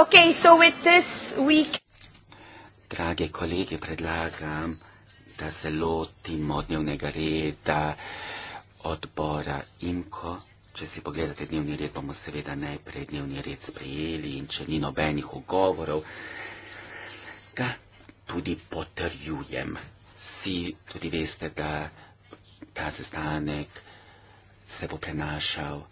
Okay, so with this week... Drage kolege, predlagam, da se lotimo dnevnega reda odbora IMKO. Če si pogledate dnevni red, bomo seveda najprej dnevni red sprejeli in če ni nobenih ugovorov, ga tudi potrjujem. Si tudi veste, da ta sestanek se bo prenašal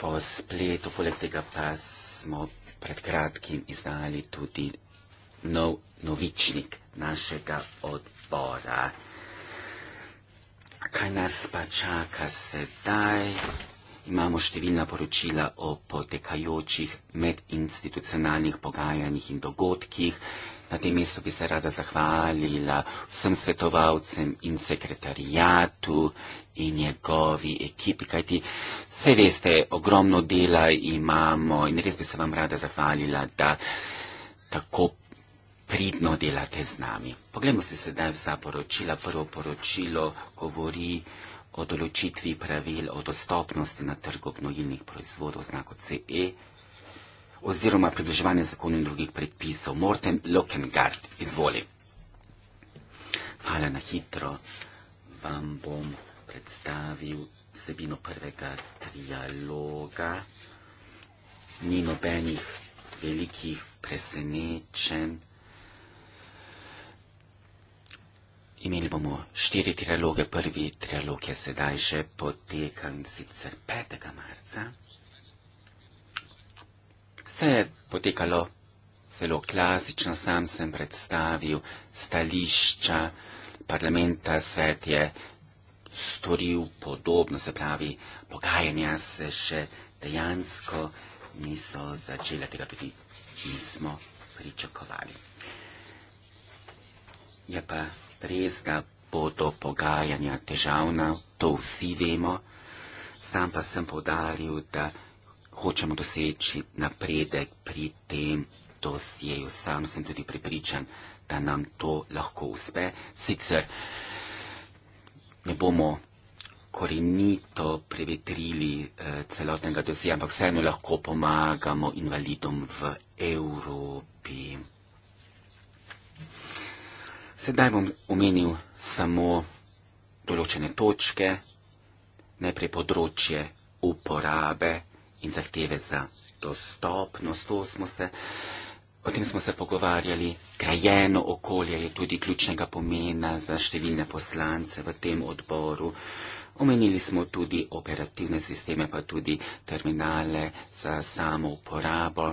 po spletu, poleg tega pa smo pred kratkim izdali tudi nov novičnik našega odbora. Kaj nas pa čaka sedaj? Imamo številna poročila o potekajočih medinstitucionalnih pogajanjih in dogodkih, Na tem mestu bi se rada zahvalila vsem svetovalcem in sekretarijatu in njegovi ekipi, kajti vse veste, ogromno dela imamo in res bi se vam rada zahvalila, da tako pridno delate z nami. Poglejmo si sedaj vsa poročila. Prvo poročilo govori o določitvi pravil o dostopnosti na trgu gnojilnih proizvodov znako CE oziroma približevanje zakonov in drugih predpisov. Morten Lokengard, izvoli. Hvala na hitro. Vam bom predstavil sebino prvega trialoga. Ni nobenih velikih presenečen. Imeli bomo štiri trialoge. Prvi trialog je sedaj že potekal in sicer 5. marca vse je potekalo zelo klasično, sam sem predstavil stališča parlamenta, svet je storil podobno, se pravi, pogajanja se še dejansko niso začela, tega tudi nismo pričakovali. Je pa res, da bodo pogajanja težavna, to vsi vemo, sam pa sem podaril, da hočemo doseči napredek pri tem dosjeju. Sam sem tudi pripričan, da nam to lahko uspe. Sicer ne bomo korenito prevetrili eh, celotnega dosjeja, ampak vseeno lahko pomagamo invalidom v Evropi. Sedaj bom omenil samo določene točke, najprej področje uporabe in zahteve za dostopnost. To smo se, o tem smo se pogovarjali. Krajeno okolje je tudi ključnega pomena za številne poslance v tem odboru. Omenili smo tudi operativne sisteme, pa tudi terminale za samo uporabo.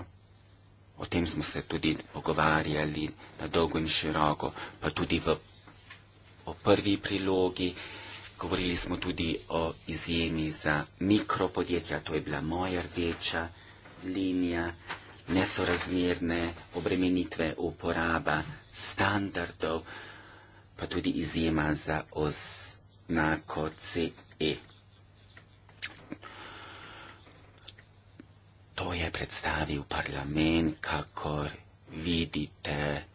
O tem smo se tudi pogovarjali na dolgo in široko, pa tudi v, v prvi prilogi govorili smo tudi o izjemi za mikropodjetja, to je bila moja rdeča linija, nesorazmerne obremenitve uporaba standardov, pa tudi izjema za oznako CE. To je predstavil parlament, kakor vidite.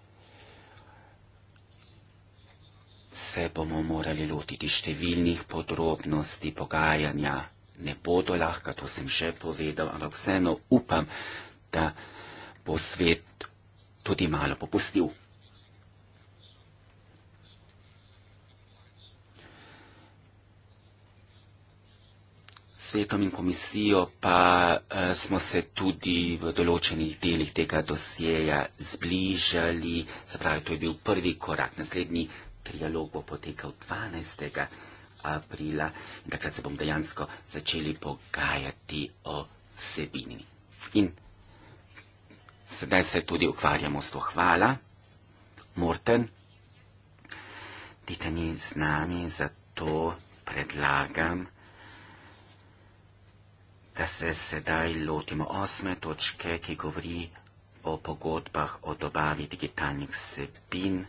se bomo morali lotiti številnih podrobnosti pogajanja. Ne bodo lahka, to sem že povedal, ampak vseeno upam, da bo svet tudi malo popustil. Svetom in komisijo pa eh, smo se tudi v določenih delih tega dosjeja zbližali, se pravi, to je bil prvi korak. Naslednji trialog bo potekal 12. aprila in takrat se bom dejansko začeli pogajati o sebini. In sedaj se tudi ukvarjamo s to hvala. Morten, dite ni z nami, zato predlagam, da se sedaj lotimo osme točke, ki govori o pogodbah o dobavi digitalnih sebin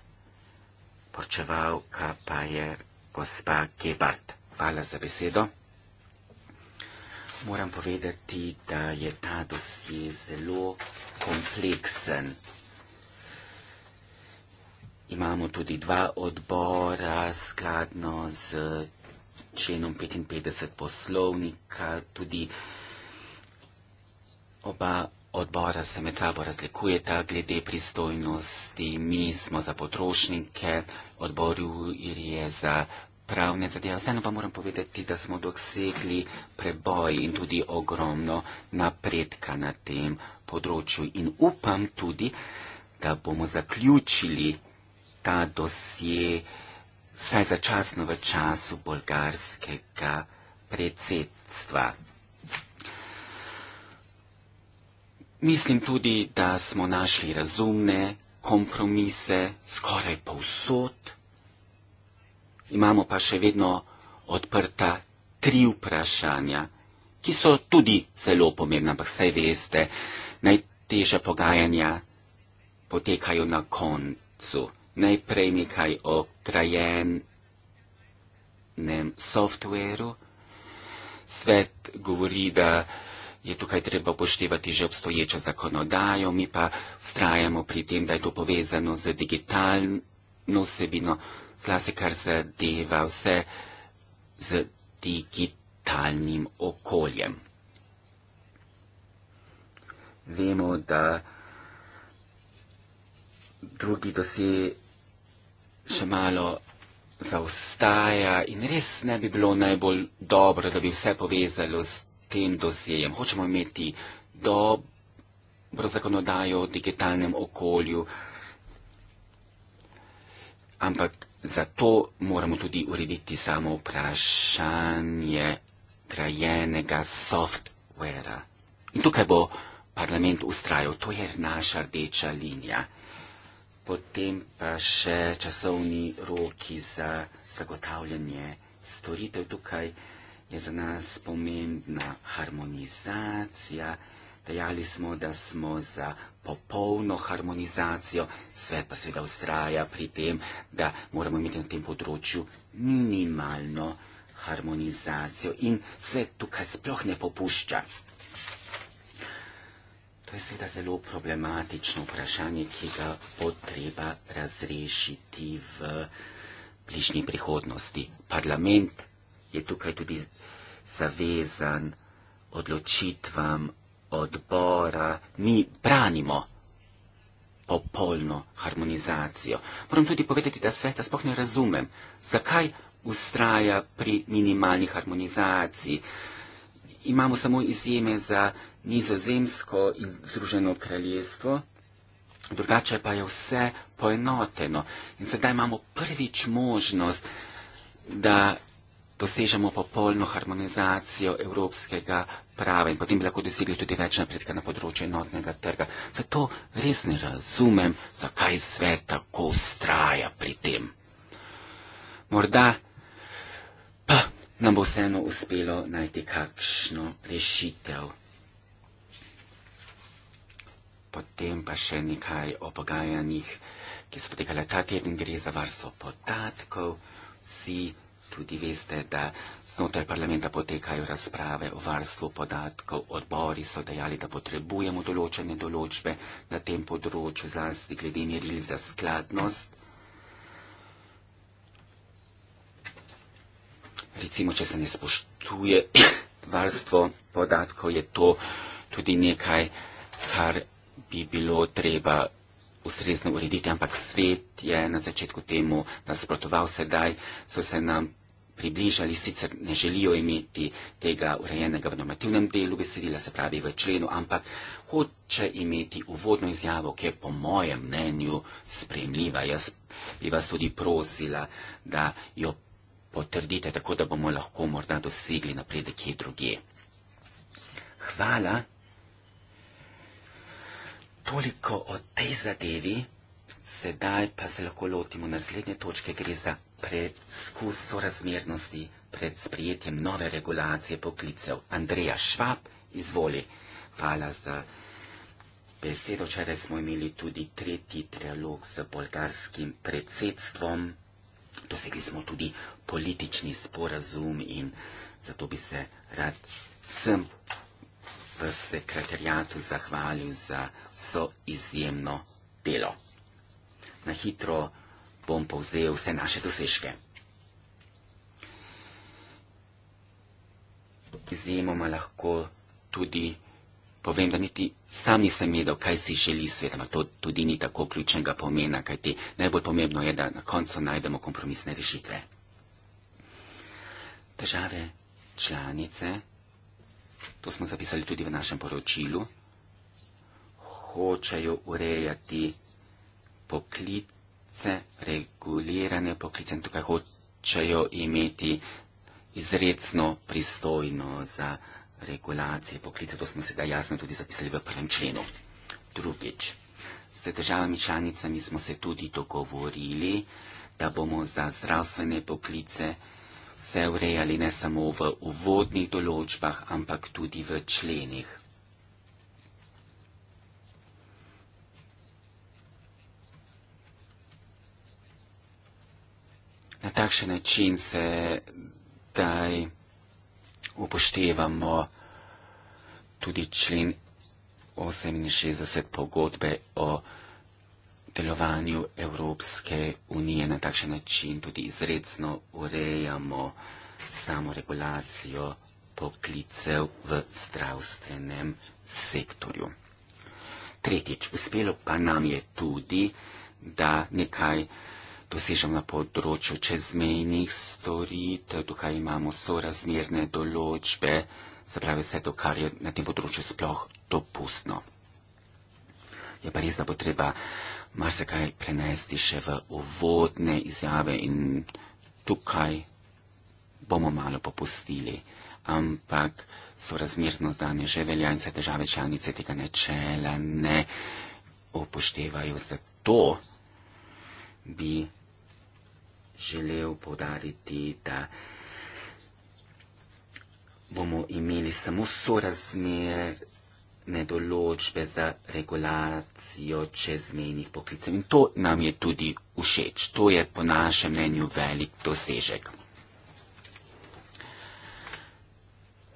poročevalka pa je gospa Gebart. Hvala za besedo. Moram povedati, da je ta dosje zelo kompleksen. Imamo tudi dva odbora skladno z členom 55 poslovnika, tudi oba odbora odbora se med sabo razlikujeta glede pristojnosti. Mi smo za potrošnike, odbor Juri je za pravne zadeve. Vseeno pa moram povedati, da smo dosegli preboj in tudi ogromno napredka na tem področju. In upam tudi, da bomo zaključili ta dosje vsaj začasno v času bolgarskega predsedstva. Mislim tudi, da smo našli razumne kompromise skoraj povsod. Imamo pa še vedno odprta tri vprašanja, ki so tudi zelo pomembna, ampak saj veste, najteže pogajanja potekajo na koncu. Najprej nekaj o trajenem softveru. Svet govori, da je tukaj treba upoštevati že obstoječo zakonodajo, mi pa strajamo pri tem, da je to povezano z digitalno vsebino, zlasti kar zadeva vse z digitalnim okoljem. Vemo, da drugi dosi še malo zaostaja in res ne bi bilo najbolj dobro, da bi vse povezalo z tem dosjejem. Hočemo imeti dobro zakonodajo v digitalnem okolju, ampak zato moramo tudi urediti samo vprašanje trajenega softvera. In tukaj bo parlament ustrajal, to je naša rdeča linija. Potem pa še časovni roki za zagotavljanje storitev tukaj je za nas pomembna harmonizacija. Dejali smo, da smo za popolno harmonizacijo, svet pa seveda ustraja pri tem, da moramo imeti na tem področju minimalno harmonizacijo in svet tukaj sploh ne popušča. To je seveda zelo problematično vprašanje, ki ga bo treba razrešiti v bližnji prihodnosti. Parlament je tukaj tudi zavezan odločitvam odbora, mi branimo popolno harmonizacijo. Moram tudi povedati, da sveta spoh ne razumem, zakaj ustraja pri minimalni harmonizaciji. Imamo samo izjeme za nizozemsko in združeno kraljestvo, drugače pa je vse poenoteno. In sedaj imamo prvič možnost, da dosežemo popolno harmonizacijo evropskega prava in potem bi lahko dosegli tudi več napredka na področju enotnega trga. Zato res ne razumem, zakaj svet tako ustraja pri tem. Morda pa nam bo vseeno uspelo najti kakšno rešitev. Potem pa še nekaj o pogajanjih, ki so potekale ta teden, gre za varstvo podatkov. See? Tudi veste, da znotraj parlamenta potekajo razprave o varstvu podatkov. Odbori so dejali, da potrebujemo določene določbe na tem področju, zlasti glede meril za skladnost. Recimo, če se ne spoštuje varstvo podatkov, je to tudi nekaj, kar bi bilo treba ustrezno urediti, ampak svet je na začetku temu nasprotoval, sedaj so se nam približali, sicer ne želijo imeti tega urejenega v normativnem delu besedila, se pravi v členu, ampak hoče imeti uvodno izjavo, ki je po mojem mnenju spremljiva. Jaz bi vas tudi prosila, da jo potrdite, tako da bomo lahko morda dosegli napredek kje druge. Hvala. Toliko o tej zadevi. Sedaj pa se lahko lotimo naslednje točke, gre za preizkus sorazmernosti pred sprijetjem nove regulacije poklicev. Andreja Švab, izvoli. Hvala za besedo. Včeraj smo imeli tudi tretji trialog z bolgarskim predsedstvom. Dosegli smo tudi politični sporazum in zato bi se rad vsem v sekretarijatu zahvalil za so izjemno delo. Na hitro bom povzel vse naše dosežke. Izjemoma lahko tudi povem, da niti sam nisem vedel, kaj si želi svet, ampak to tudi ni tako ključnega pomena, kajti najbolj pomembno je, da na koncu najdemo kompromisne rešitve. Države članice, to smo zapisali tudi v našem poročilu, hočejo urejati poklit pravice regulirane poklicem, tukaj hočejo imeti izredno pristojno za regulacije poklice. To smo sedaj jasno tudi zapisali v prvem členu. Drugič, z državami članicami smo se tudi dogovorili, da bomo za zdravstvene poklice se urejali ne samo v uvodnih določbah, ampak tudi v členih. na takšen način se daj upoštevamo tudi člen 68 pogodbe o delovanju Evropske unije. Na takšen način tudi izredno urejamo samoregulacijo poklicev v zdravstvenem sektorju. Tretjič, uspelo pa nam je tudi, da nekaj dosežem na področju čezmejnih storitev, tukaj imamo sorazmerne določbe, se pravi vse to, kar je na tem področju sploh dopustno. Je pa res, da bo treba marsikaj prenesti še v uvodne izjave in tukaj bomo malo popustili, ampak sorazmerno zdanje že velja in se države članice tega načela ne upoštevajo, zato bi želel podariti, da bomo imeli samo sorazmerne določbe za regulacijo čezmejnih poklicev. In to nam je tudi všeč. To je po našem mnenju velik dosežek.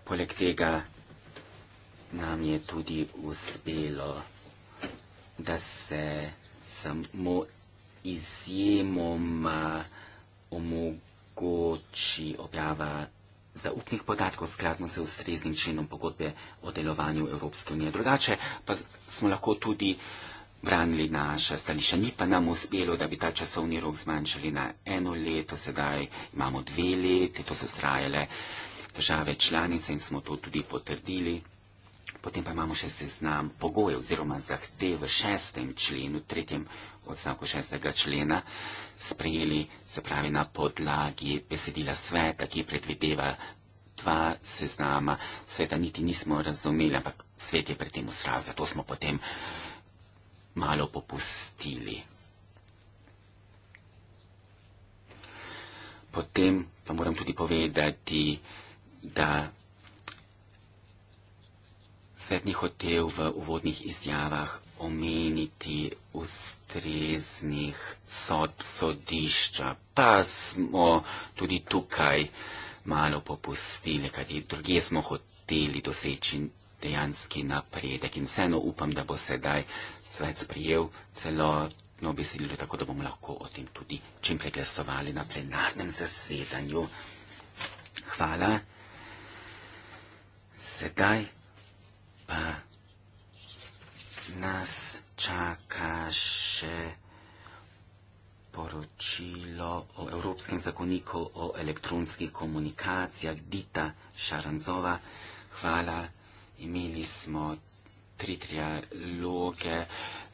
Poleg tega nam je tudi uspelo, da se samo izjemoma omogoči objava zaupnih podatkov skladno se ustreznim členom pogodbe o delovanju Evropske unije. Drugače pa smo lahko tudi branili naša stališča. Ni pa nam uspelo, da bi ta časovni rok zmanjšali na eno leto, sedaj imamo dve leti, to so strajale države članice in smo to tudi potrdili. Potem pa imamo še seznam pogojev oziroma zahteve v šestem členu, tretjem odstavku 6. člena sprejeli, se pravi, na podlagi besedila sveta, ki predvideva dva seznama. Sveta niti nismo razumeli, ampak svet je pri tem ustral, zato smo potem malo popustili. Potem pa moram tudi povedati, da Svet ni hotel v uvodnih izjavah omeniti ustreznih sodb sodišča, pa smo tudi tukaj malo popustili, kajti druge smo hoteli doseči dejanski napredek in vseeno upam, da bo sedaj svet sprijel celotno besedilo, tako da bomo lahko o tem tudi čim preglasovali na plenarnem zasedanju. Hvala. Sedaj pa nas čaka še poročilo o Evropskem zakoniku o elektronskih komunikacijah Dita Šaranzova. Hvala, imeli smo tri trialoge,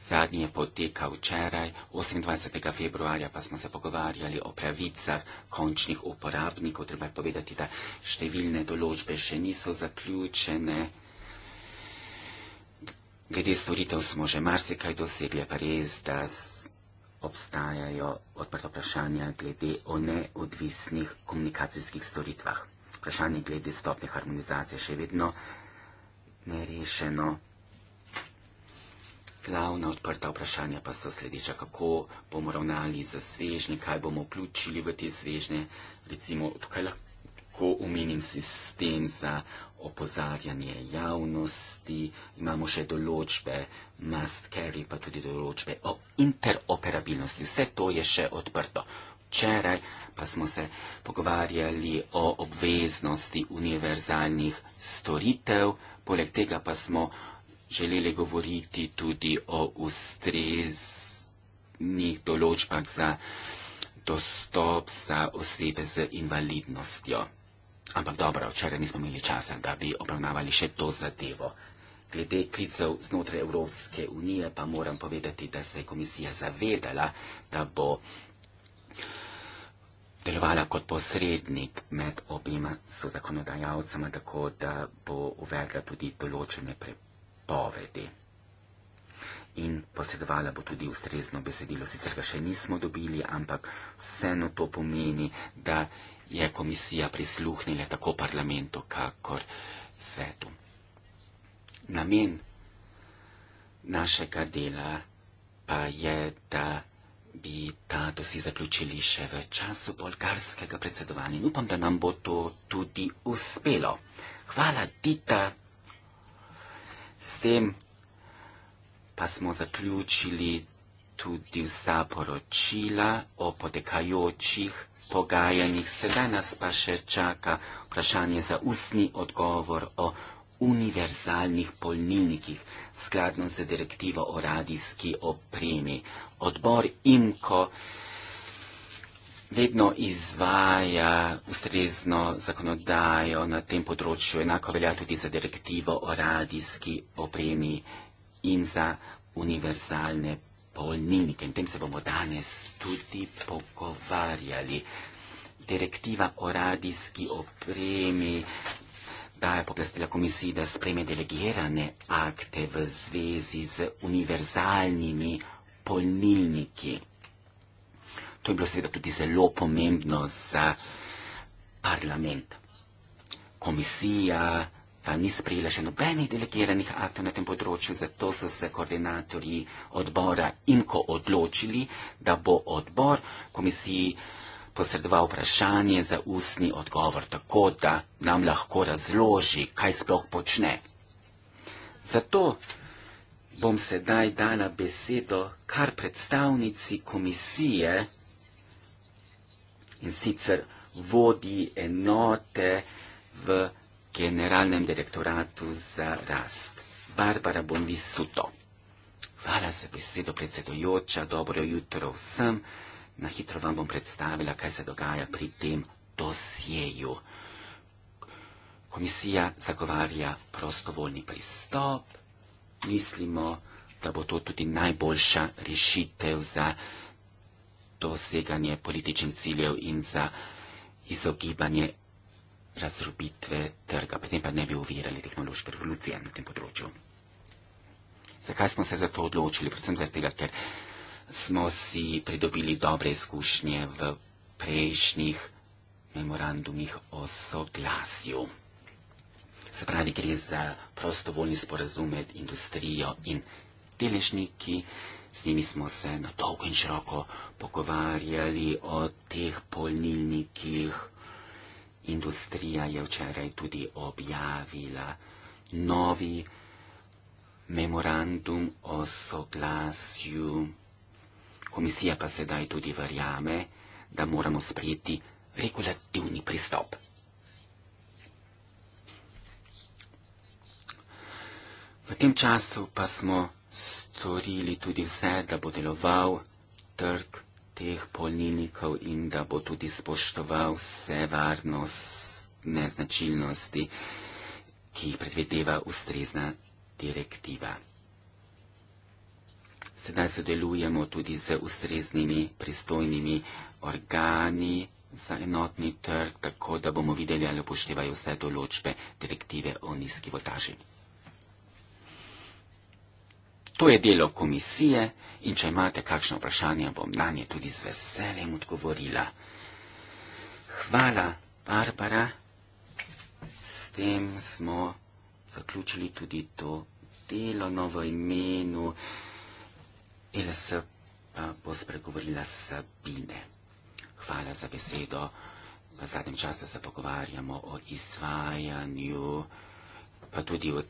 zadnji je potekal včeraj, 28. februarja pa smo se pogovarjali o pravicah končnih uporabnikov. Treba je povedati, da številne določbe še niso zaključene. Glede storitev smo že marsikaj dosegli, pa res, da obstajajo odprta vprašanja glede o neodvisnih komunikacijskih storitvah. Vprašanje glede stopne harmonizacije še vedno nerešeno. Glavna odprta vprašanja pa so sledeča, kako bomo ravnali za svežnje, kaj bomo vključili v te svežnje, recimo tukaj lahko omenim sistem za opozarjanje javnosti, imamo še določbe must carry, pa tudi določbe o interoperabilnosti. Vse to je še odprto. Včeraj pa smo se pogovarjali o obveznosti univerzalnih storitev, poleg tega pa smo želeli govoriti tudi o ustreznih določbah za dostop za osebe z invalidnostjo. Ampak dobro, včeraj nismo imeli časa, da bi obravnavali še to zadevo. Glede klicev znotraj Evropske unije pa moram povedati, da se je komisija zavedala, da bo delovala kot posrednik med obima so zakonodajalcama, tako da bo uvedla tudi določene prepovedi. In posredovala bo tudi ustrezno besedilo. Sicer ga še nismo dobili, ampak vseeno to pomeni, da je komisija prisluhnila tako parlamentu, kakor svetu. Namen našega dela pa je, da bi ta dosij zaključili še v času bolgarskega predsedovanja. In upam, da nam bo to tudi uspelo. Hvala, Dita. S tem pa smo zaključili tudi vsa poročila o potekajočih pogajanjih sedaj nas pa še čaka vprašanje za ustni odgovor o univerzalnih polnilnikih skladno z direktivo o radijski opremi. Odbor IMKO vedno izvaja ustrezno zakonodajo na tem področju, enako velja tudi za direktivo o radijski opremi in za univerzalne polnilnike polnilnike. In tem se bomo danes tudi pogovarjali. Direktiva o radijski opremi daje poprestila komisiji, da spreme delegirane akte v zvezi z univerzalnimi polnilniki. To je bilo seveda tudi zelo pomembno za parlament. Komisija pa ni sprejela še nobenih delegiranih aktov na tem področju, zato so se koordinatorji odbora IMKO odločili, da bo odbor komisiji posredoval vprašanje za ustni odgovor, tako da nam lahko razloži, kaj sploh počne. Zato bom sedaj dala besedo kar predstavnici komisije in sicer vodi enote v Generalnem direktoratu za rast. Barbara Bonvisuto. Hvala za besedo, predsedojoča. Dobro jutro vsem. Na hitro vam bom predstavila, kaj se dogaja pri tem dosjeju. Komisija zagovarja prostovoljni pristop. Mislimo, da bo to tudi najboljša rešitev za doseganje političnih ciljev in za izogibanje razrobitve trga, potem pa ne bi uvirali tehnološke revolucije na tem področju. Zakaj smo se za to odločili? Predvsem zato, ker smo si pridobili dobre izkušnje v prejšnjih memorandumih o soglasju. Se pravi, gre za prostovoljni sporazum med industrijo in deležniki. S njimi smo se na dolgo in široko pogovarjali o teh polnilnikih, industrija je včeraj tudi objavila novi memorandum o soglasju. Komisija pa sedaj tudi verjame, da moramo sprejeti regulativni pristop. V tem času pa smo storili tudi vse, da bo deloval trg teh polnilnikov in da bo tudi spoštoval vse varnostne značilnosti, ki jih predvedeva ustrezna direktiva. Sedaj sodelujemo tudi z ustreznimi pristojnimi organi za enotni trg, tako da bomo videli, ali upoštevajo vse določbe direktive o nizki voltaži. To je delo komisije. In če imate kakšno vprašanje, bom na nje tudi z veseljem odgovorila. Hvala, Barbara. S tem smo zaključili tudi to delo novo imenu. Ela se pa bo spregovorila Sabine. Hvala za besedo. V zadnjem času se pogovarjamo o izvajanju, pa tudi o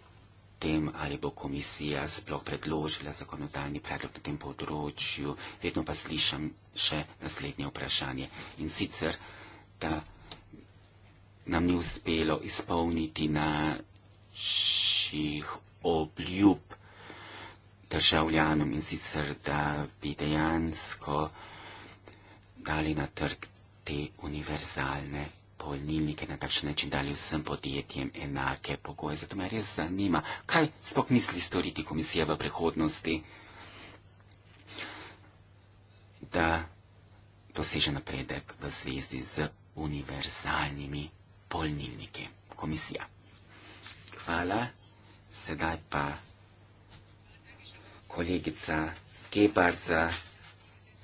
tem, ali bo komisija sploh predložila zakonodajni predlog na tem področju, vedno pa slišam še naslednje vprašanje. In sicer, da nam ni uspelo izpolniti naših obljub državljanom in sicer, da bi dejansko dali na trg te univerzalne polnilnike na takšen način dali vsem podjetjem enake pogoje. Zato me res zanima, kaj spok misli storiti komisija v prihodnosti, da doseže napredek v zvezdi z univerzalnimi polnilniki. Komisija. Hvala. Sedaj pa kolegica Gebard za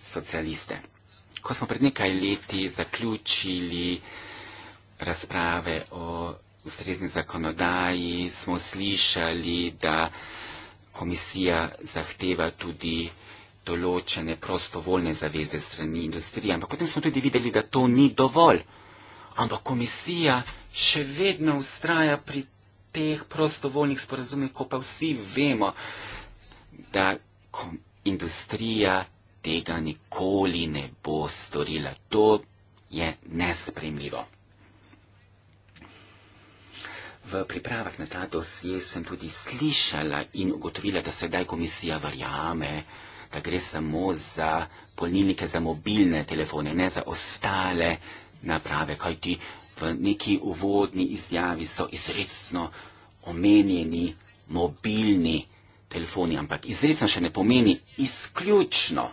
socialiste. Ko smo pred nekaj leti zaključili razprave o ustrezni zakonodaji smo slišali, da komisija zahteva tudi določene prostovoljne zaveze strani industrije, ampak potem smo tudi videli, da to ni dovolj. Ampak komisija še vedno ustraja pri teh prostovoljnih sporazumih, ko pa vsi vemo, da industrija tega nikoli ne bo storila. To je nespremljivo. V pripravah na ta dosje sem tudi slišala in ugotovila, da sedaj komisija verjame, da gre samo za polnilnike za mobilne telefone, ne za ostale naprave, kajti v neki uvodni izjavi so izredno omenjeni mobilni telefoni, ampak izredno še ne pomeni izključno.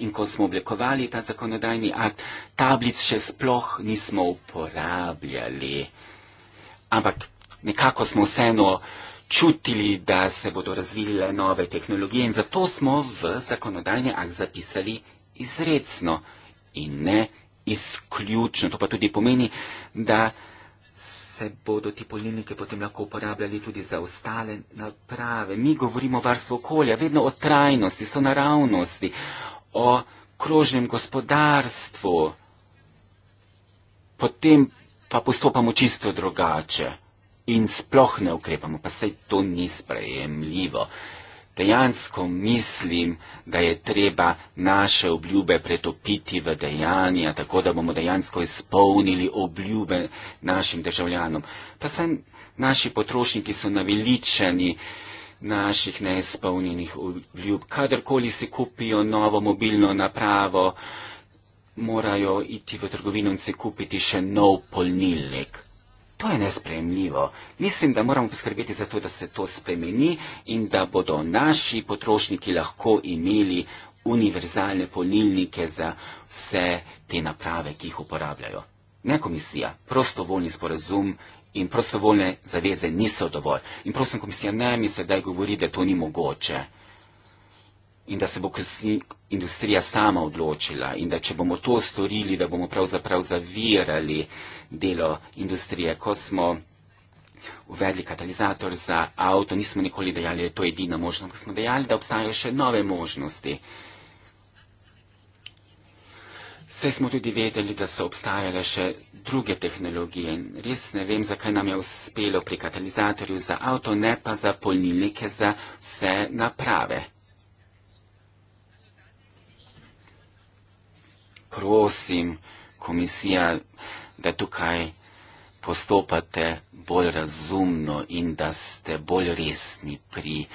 In ko smo oblikovali ta zakonodajni akt, tablic še sploh nismo uporabljali. Ampak nekako smo vseeno čutili, da se bodo razvile nove tehnologije in zato smo v zakonodajni akt zapisali izredno in ne izključno. To pa tudi pomeni, da se bodo ti polnilniki potem lahko uporabljali tudi za ostale naprave. Mi govorimo o varstvu okolja, vedno o trajnosti, so naravnosti, o krožnem gospodarstvu, potem pa postopamo čisto drugače in sploh ne ukrepamo, pa sej to ni sprejemljivo. Dejansko mislim, da je treba naše obljube pretopiti v dejanja, tako da bomo dejansko izpolnili obljube našim državljanom. Pa saj naši potrošniki so naveličani naših neizpolnjenih obljub. Kadarkoli si kupijo novo mobilno napravo, morajo iti v trgovino in si kupiti še nov polnilnik. To je nespremljivo. Mislim, da moramo poskrbeti za to, da se to spremeni in da bodo naši potrošniki lahko imeli univerzalne polnilnike za vse te naprave, ki jih uporabljajo. Ne komisija, prostovoljni sporazum in prostovoljne zaveze niso dovolj. In prosim komisija, ne mi sedaj govori, da to ni mogoče in da se bo industrija sama odločila in da če bomo to storili, da bomo pravzaprav zavirali delo industrije. Ko smo uvedli katalizator za avto, nismo nikoli dejali, da je to edina možnost, ampak smo dejali, da obstajajo še nove možnosti. Vse smo tudi vedeli, da so obstajale še druge tehnologije in res ne vem, zakaj nam je uspelo pri katalizatorju za avto, ne pa za polnilnike za vse naprave. prosim, komisija, da tukaj postopate bolj razumno in da ste bolj resni pri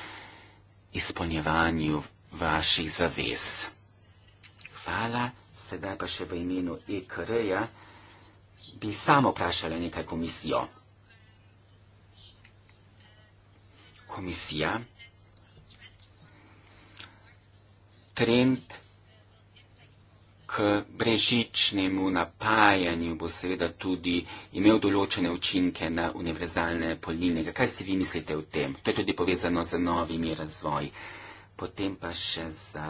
izpolnjevanju vaših zavez. Hvala, sedaj pa še v imenu EKR-ja bi samo vprašala nekaj komisijo. Komisija, trend brežičnemu napajanju bo seveda tudi imel določene učinke na univerzalne polnilnega. Kaj si vi mislite o tem? To je tudi povezano z novimi razvoji. Potem pa še za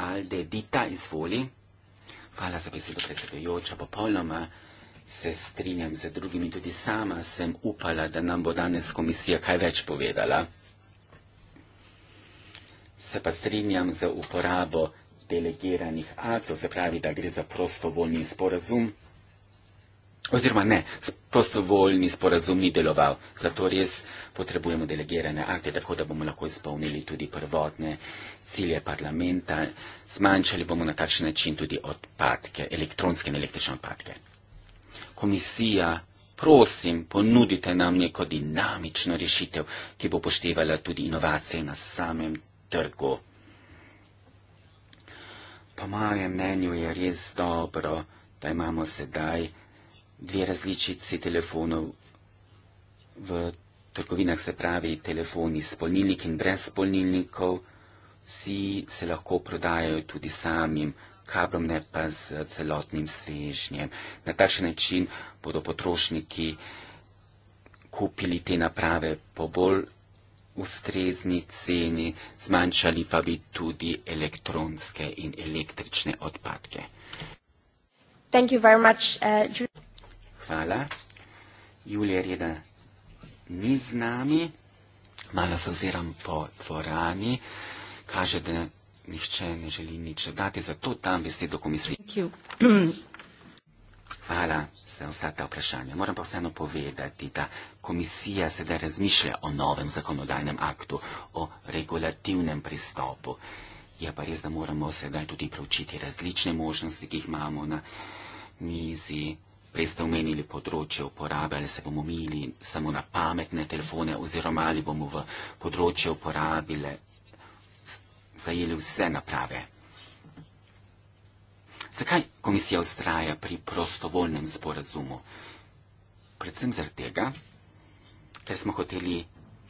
Alde Dita izvoli. Hvala za besedo, predsedujoča. Popolnoma se strinjam z drugimi. Tudi sama sem upala, da nam bo danes komisija kaj več povedala. Se pa strinjam z uporabo delegiranih aktov, se pravi, da gre za prostovoljni sporazum. Oziroma ne, prostovoljni sporazum ni deloval, zato res potrebujemo delegirane akte, tako da bomo lahko izpolnili tudi prvotne cilje parlamenta, zmanjšali bomo na takšen način tudi odpadke, elektronske in električne odpadke. Komisija, prosim, ponudite nam neko dinamično rešitev, ki bo poštevala tudi inovacije na samem trgu po mojem mnenju je res dobro, da imamo sedaj dve različici telefonov v trgovinah, se pravi telefoni s polnilnik in brez polnilnikov. Vsi se lahko prodajajo tudi samim kablom, ne pa z celotnim svežnjem. Na takšen način bodo potrošniki kupili te naprave po bolj ustrezni ceni, zmanjšali pa bi tudi elektronske in električne odpadke. Thank you very much, uh, Hvala. Julija Reda ni z nami, malo se oziram po dvorani, kaže, da nišče ne želi nič dati, zato tam besedo komisiji. Hvala za vsa ta vprašanja. Moram pa vseeno povedati, da komisija sedaj razmišlja o novem zakonodajnem aktu, o regulativnem pristopu. Je pa res, da moramo sedaj tudi preučiti različne možnosti, ki jih imamo na mizi. Prej ste omenili področje uporabe, ali se bomo imeli samo na pametne telefone oziroma ali bomo v področje uporabile zajeli vse naprave. Zakaj komisija ustraja pri prostovoljnem sporazumu? Predvsem zaradi tega, ker smo hoteli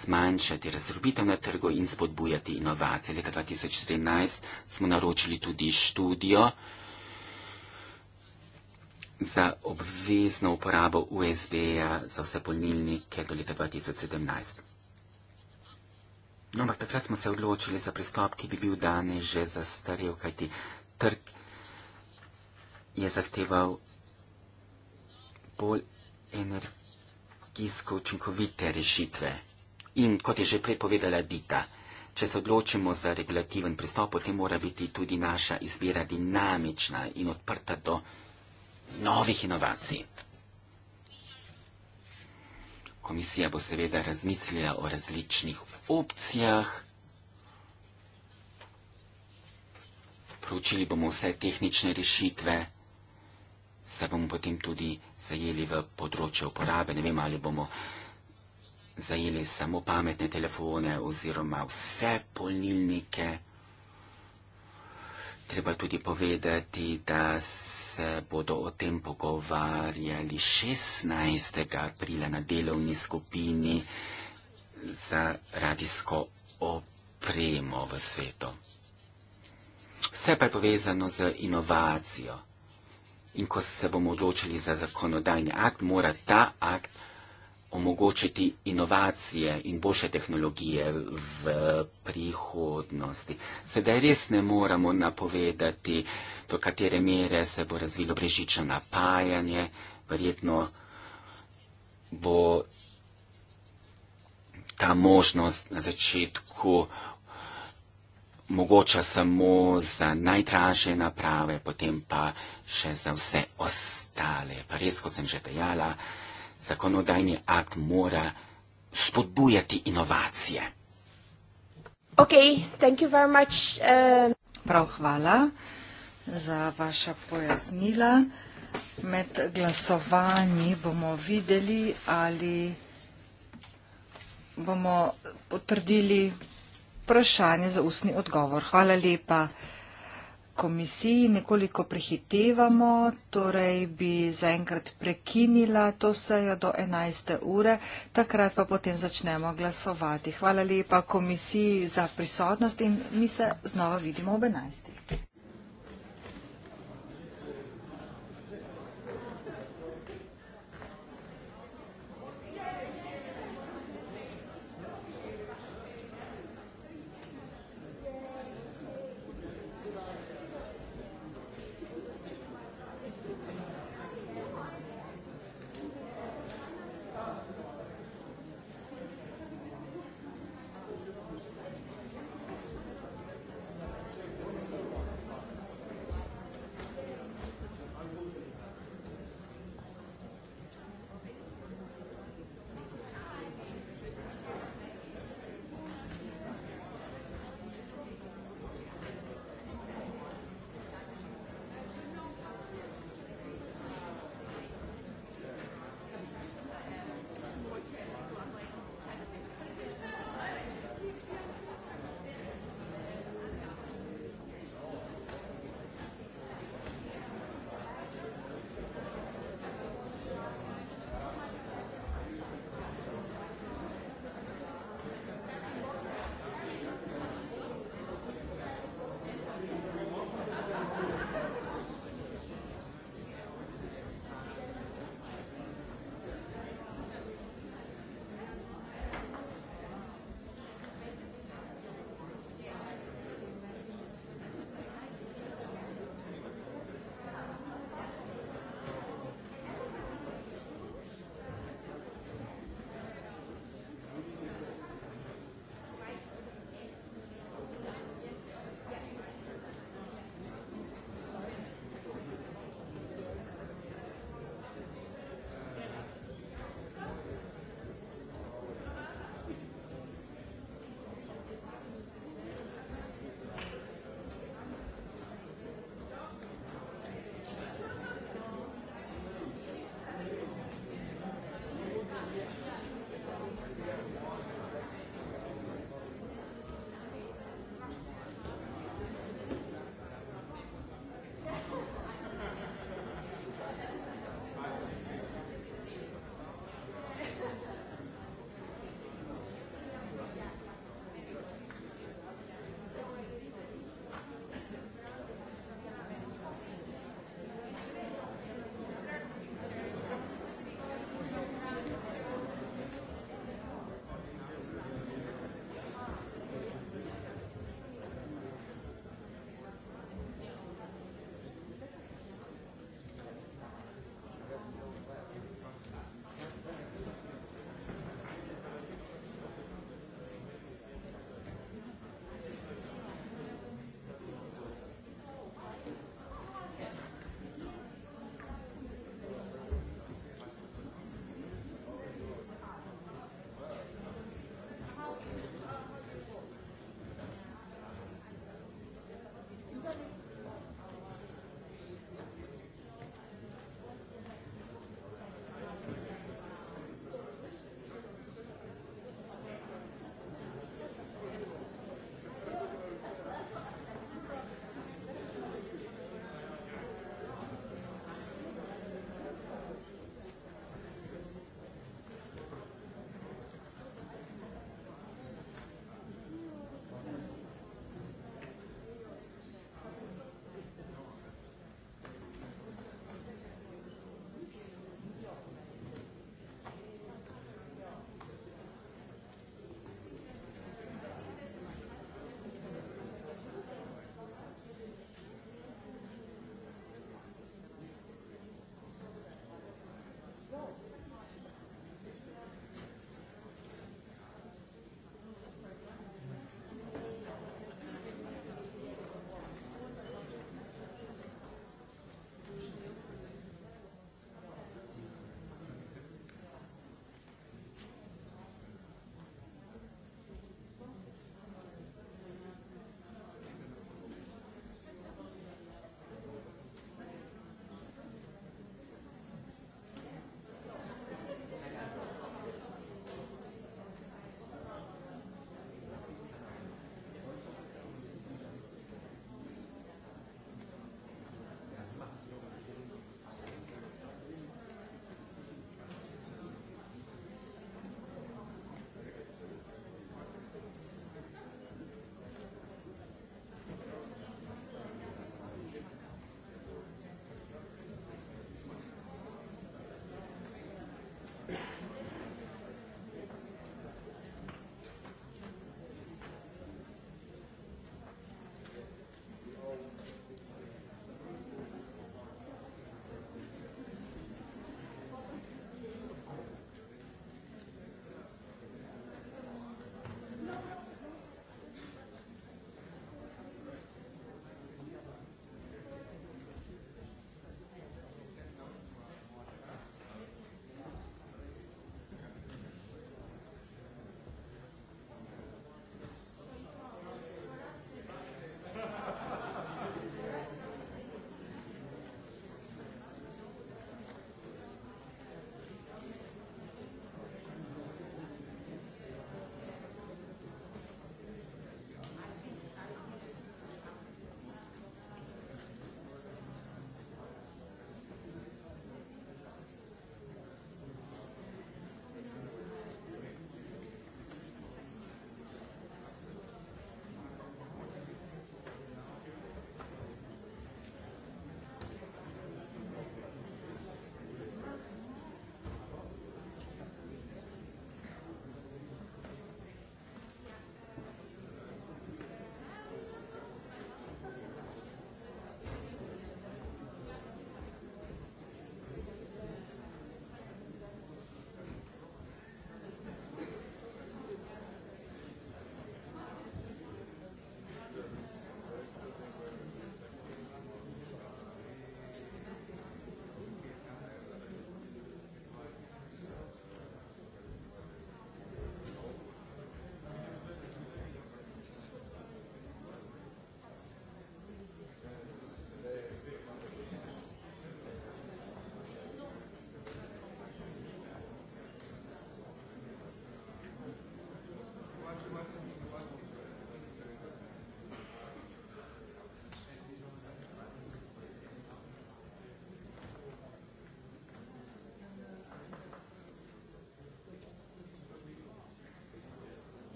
zmanjšati razrobitev na trgu in spodbujati inovacije. Leta 2014 smo naročili tudi študijo za obvezno uporabo USB-ja za vse polnilnike do leta 2017. No, ampak takrat smo se odločili za pristop, ki bi bil danes že zastarel, kajti trg je zahteval bolj energijsko učinkovite rešitve. In kot je že prej povedala Dita, če se odločimo za regulativen pristop, potem mora biti tudi naša izbira dinamična in odprta do novih inovacij. Komisija bo seveda razmislila o različnih opcijah. Proučili bomo vse tehnične rešitve se bomo potem tudi zajeli v področje uporabe. Ne vem, ali bomo zajeli samo pametne telefone oziroma vse polnilnike. Treba tudi povedati, da se bodo o tem pogovarjali 16. aprila na delovni skupini za radijsko opremo v svetu. Vse pa je povezano z inovacijo. In ko se bomo odločili za zakonodajni akt, mora ta akt omogočiti inovacije in boljše tehnologije v prihodnosti. Sedaj res ne moramo napovedati, do katere mere se bo razvilo brežično napajanje, verjetno bo ta možnost na začetku mogoča samo za najdraže naprave, potem pa še za vse ostale. Pa res, kot sem že dejala, zakonodajni akt mora spodbujati inovacije. Okay, thank you very much. Uh... Prav hvala za vaša pojasnila. Med glasovanji bomo videli, ali bomo potrdili vprašanje za ustni odgovor. Hvala lepa. Komisiji nekoliko prehitevamo, torej bi zaenkrat prekinila to sejo do 11. ure, takrat pa potem začnemo glasovati. Hvala lepa komisiji za prisotnost in mi se znova vidimo ob 11.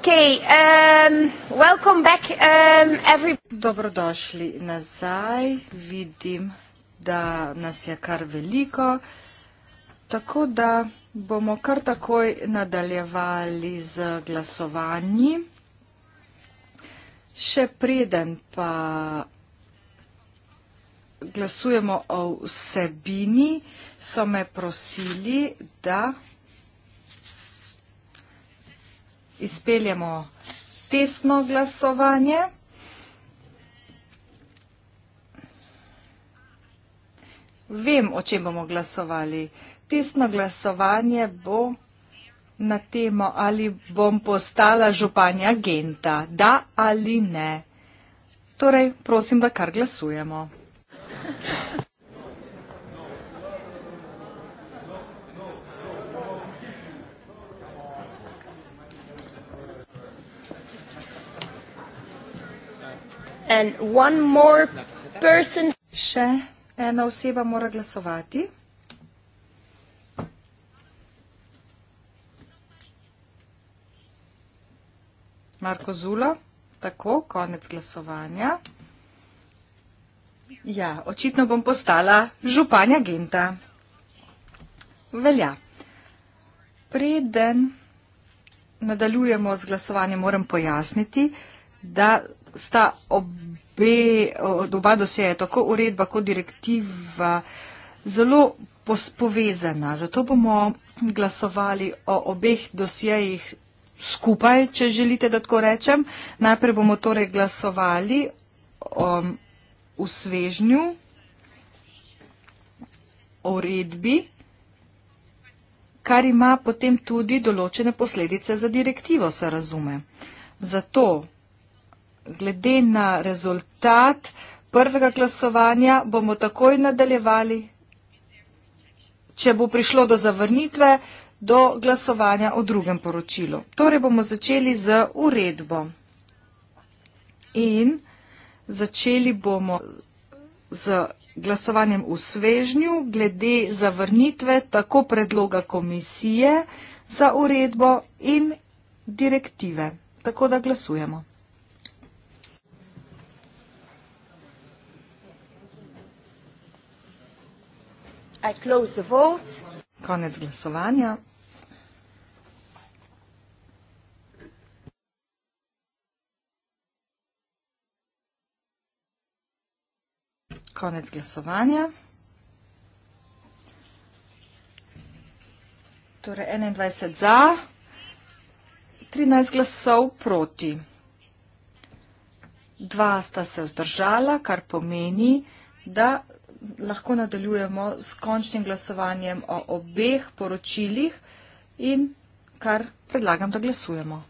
Okay, um, welcome back, um, every... Dobrodošli nazaj, vidim, da nas je kar veliko, tako da bomo kar takoj nadaljevali z glasovanji. Še preden pa glasujemo o vsebini, so me prosili, da izpeljemo testno glasovanje. Vem, o čem bomo glasovali. Testno glasovanje bo na temo, ali bom postala županja Genta, da ali ne. Torej, prosim, da kar glasujemo. Thank you. Še ena oseba mora glasovati. Marko Zulo, tako, konec glasovanja. Ja, očitno bom postala županja Genta. Velja. Preden nadaljujemo z glasovanjem, moram pojasniti, da sta obe, od oba doseja, tako uredba kot direktiva, zelo pospovezana. Zato bomo glasovali o obeh dosjejih skupaj, če želite, da tako rečem. Najprej bomo torej glasovali o usvežnju uredbi, kar ima potem tudi določene posledice za direktivo, se razume. Zato glede na rezultat prvega glasovanja bomo takoj nadaljevali, če bo prišlo do zavrnitve, do glasovanja o drugem poročilu. Torej bomo začeli z uredbo in začeli bomo z glasovanjem v svežnju glede zavrnitve tako predloga komisije za uredbo in direktive. Tako da glasujemo. I close the vote. Konec glasovanja. Konec glasovanja. Torej 21 za, 13 glasov proti. Dva sta se vzdržala, kar pomeni, da lahko nadaljujemo s končnim glasovanjem o obeh poročilih in kar predlagam, da glasujemo.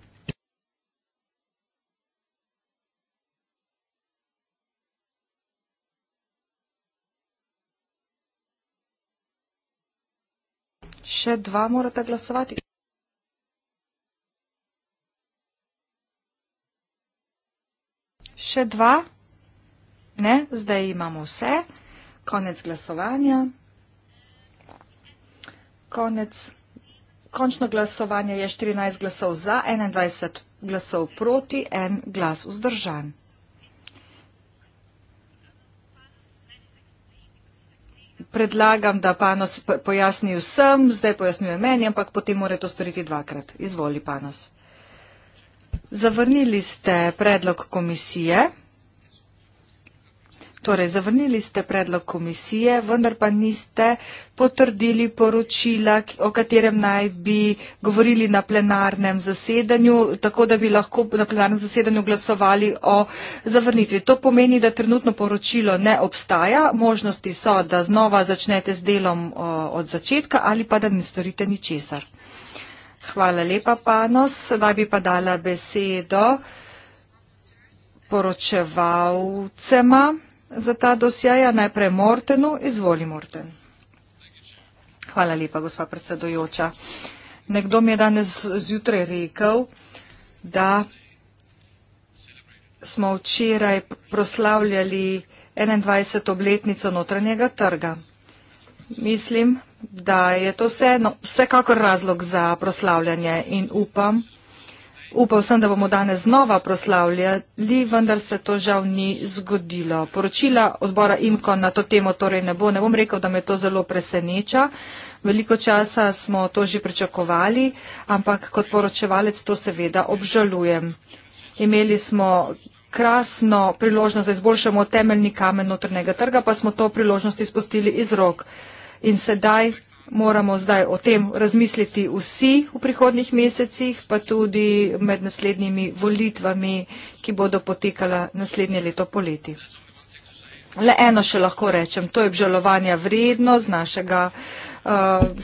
Še dva morate glasovati. Še dva? Ne, zdaj imamo vse konec glasovanja. Konec, končno glasovanje je 14 glasov za, 21 glasov proti, en glas vzdržan. Predlagam, da Panos pojasni vsem, zdaj pojasnjuje meni, ampak potem mora to storiti dvakrat. Izvoli, Panos. Zavrnili ste predlog komisije. Torej, zavrnili ste predlog komisije, vendar pa niste potrdili poročila, o katerem naj bi govorili na plenarnem zasedanju, tako da bi lahko na plenarnem zasedanju glasovali o zavrnitvi. To pomeni, da trenutno poročilo ne obstaja, možnosti so, da znova začnete z delom od začetka ali pa da ne storite ničesar. Hvala lepa, Panos. Sedaj bi pa dala besedo poročevalcema. Za ta dosjaja najprej Mortenu, izvoli Morten. Hvala lepa, gospa predsedojoča. Nekdo mi je danes zjutraj rekel, da smo včeraj proslavljali 21. obletnico notranjega trga. Mislim, da je to vse, no, vsekakor razlog za proslavljanje in upam, Upal sem, da bomo danes znova proslavljali, vendar se to žal ni zgodilo. Poročila odbora IMKO na to temo torej ne bo. Ne bom rekel, da me to zelo preseneča. Veliko časa smo to že pričakovali, ampak kot poročevalec to seveda obžalujem. Imeli smo krasno priložnost, da izboljšamo temeljni kamen notrnega trga, pa smo to priložnost izpustili iz rok. In sedaj moramo zdaj o tem razmisliti vsi v prihodnih mesecih, pa tudi med naslednjimi volitvami, ki bodo potekala naslednje leto poleti. Le eno še lahko rečem, to je obžalovanja vredno z našega uh,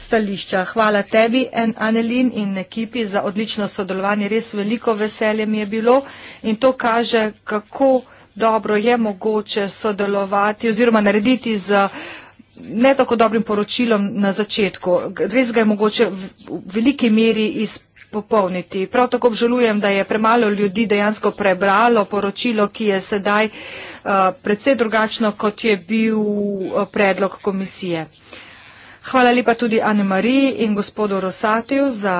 stališča. Hvala tebi, en, Anelin in ekipi, za odlično sodelovanje. Res veliko veselje mi je bilo in to kaže, kako dobro je mogoče sodelovati oziroma narediti z. Uh, ne tako dobrim poročilom na začetku. Res ga je mogoče v veliki meri izpopolniti. Prav tako obžalujem, da je premalo ljudi dejansko prebralo poročilo, ki je sedaj eh, predvsej drugačno, kot je bil eh, predlog komisije. Hvala lepa tudi Ane Mariji in gospodu Rosatiju za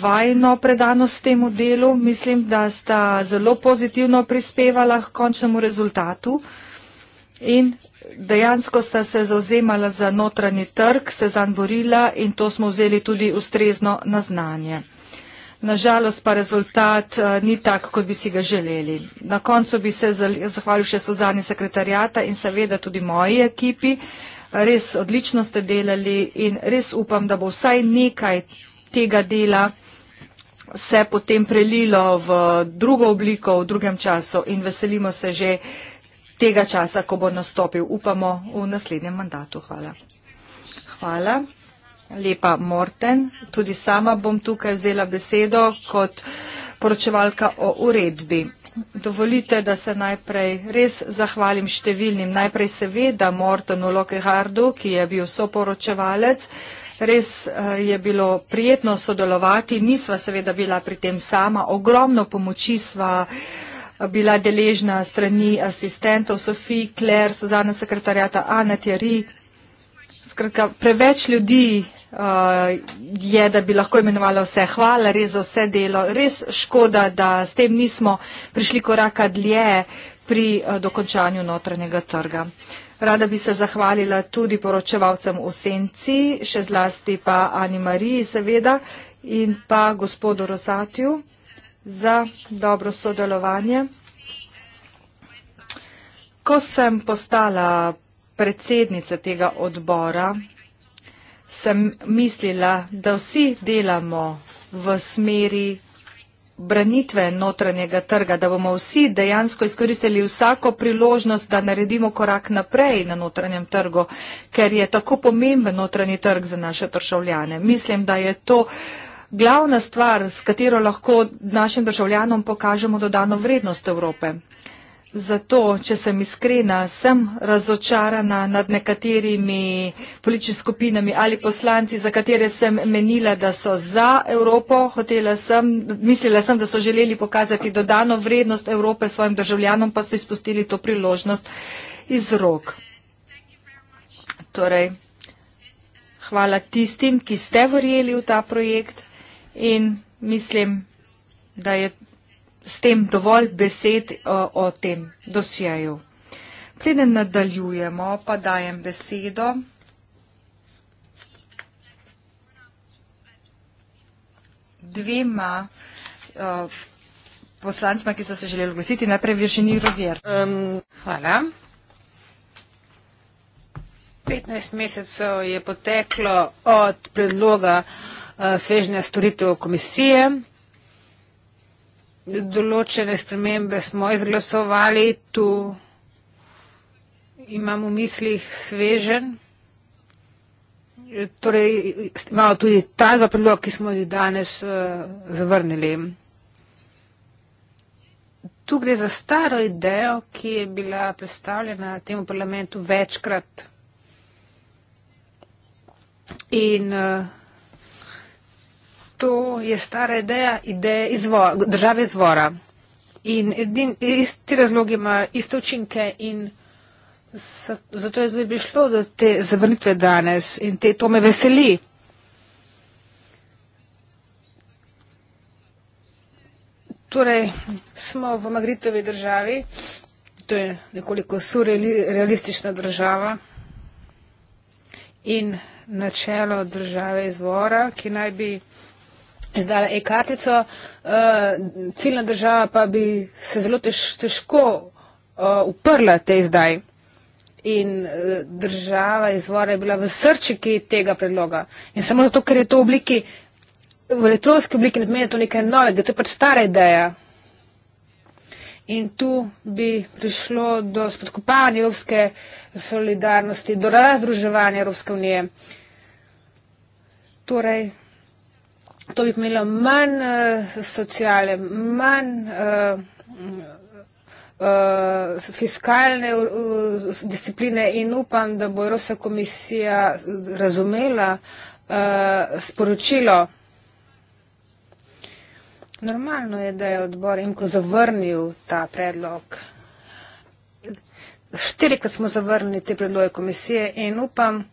vajno predanost temu delu. Mislim, da sta zelo pozitivno prispevala k končnemu rezultatu in dejansko sta se zauzemala za notranji trg, se zanj borila in to smo vzeli tudi ustrezno na znanje. Nažalost pa rezultat eh, ni tak, kot bi si ga želeli. Na koncu bi se zahvalil še Suzani sekretarjata in seveda tudi moji ekipi. Res odlično ste delali in res upam, da bo vsaj nekaj tega dela se potem prelilo v drugo obliko v drugem času in veselimo se že tega časa, ko bo nastopil, upamo, v naslednjem mandatu. Hvala. Hvala. Lepa Morten. Tudi sama bom tukaj vzela besedo kot poročevalka o uredbi. Dovolite, da se najprej res zahvalim številnim. Najprej seveda Mortonu Lokehardu, ki je bil soporočevalec. Res eh, je bilo prijetno sodelovati. Nisva seveda bila pri tem sama. Ogromno pomoči sva uh, bila deležna strani asistentov Sofij, Kler, Suzana sekretarjata, Ana Tjeri. Skratka, preveč ljudi uh, je, da bi lahko imenovala vse. Hvala res za vse delo. Res škoda, da s tem nismo prišli koraka dlje pri uh, dokončanju notranjega trga. Rada bi se zahvalila tudi poročevalcem v Senci, še zlasti pa Ani Mariji seveda in pa gospodu Rosatju za dobro sodelovanje. Ko sem postala predsednica tega odbora, sem mislila, da vsi delamo v smeri branitve notranjega trga, da bomo vsi dejansko izkoristili vsako priložnost, da naredimo korak naprej na notranjem trgu, ker je tako pomemben notranji trg za naše državljane. Mislim, da je to uh, glavna stvar, s katero lahko našim državljanom pokažemo dodano vrednost Evrope. Zato, če sem iskrena, sem razočarana nad nekaterimi političnimi skupinami ali poslanci, za katere sem menila, da so za Evropo, sem, mislila sem, da so želeli pokazati dodano vrednost Evrope svojim državljanom, pa so izpustili to priložnost iz rok. Torej, hvala tistim, ki ste verjeli v ta projekt. In mislim, da je s tem dovolj besed o, o tem dosjeju. Preden nadaljujemo, pa dajem besedo. dvema uh, poslancima, ki so se želeli oglasiti. Najprej Viršini Rozier. Um, hvala. 15 mesecev je poteklo od predloga uh, Eh, svežnja storitev komisije. Določene spremembe smo izglasovali, tu imam v mislih svežen. Torej, imamo tudi ta dva predloga, ki smo jih danes uh, zavrnili. Tu gre za staro idejo, ki je bila predstavljena temu parlamentu večkrat. In uh, to je stara ideja, ideja izvor, države izvora. In edin, isti razlog ima iste učinke in zato je tudi prišlo do te zavrnitve danes in te, to me veseli. Torej, smo v Magritovi državi, to je nekoliko surrealistična država in načelo države izvora, ki naj bi izdala e-kartico, uh, ciljna država pa bi se zelo tež, težko uh, uprla te zdaj. In uh, država izvora je bila v srčiki tega predloga. In samo zato, ker je to v obliki, v elektronski obliki, ne pomeni, da je to nekaj novega, to je pač stara ideja. In tu bi prišlo do spodkopanja evropske solidarnosti, do razruževanja Evropske unije. Torej, to bi imelo manj uh, sociale, manj uh, uh, fiskalne uh, discipline in upam, da bo Evropska komisija razumela uh, sporočilo. Normalno je, da je odbor Imko zavrnil ta predlog. Štirikrat smo zavrnili te predloge komisije in upam,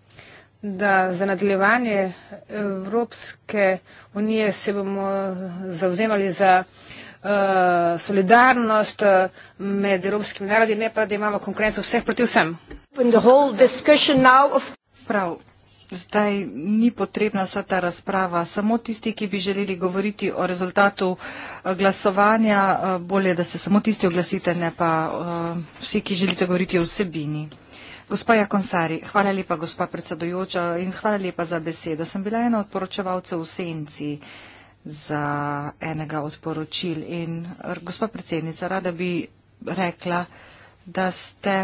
da za nadaljevanje Evropske unije se bomo zavzemali za uh, solidarnost uh, med evropskimi narodi, ne pa da imamo konkurenco vseh proti vsem. Of... Prav, zdaj ni potrebna vsa ta razprava. Samo tisti, ki bi želeli govoriti o rezultatu uh, glasovanja, uh, bolje, da se samo tisti oglasite, ne pa uh, vsi, ki želite govoriti o vsebini. Gospa Jakonsari, hvala lepa, gospa predsedojoča, in hvala lepa za besedo. Sem bila ena od poročevalcev v Senci za enega od poročil. In, gospa predsednica, rada bi rekla, da ste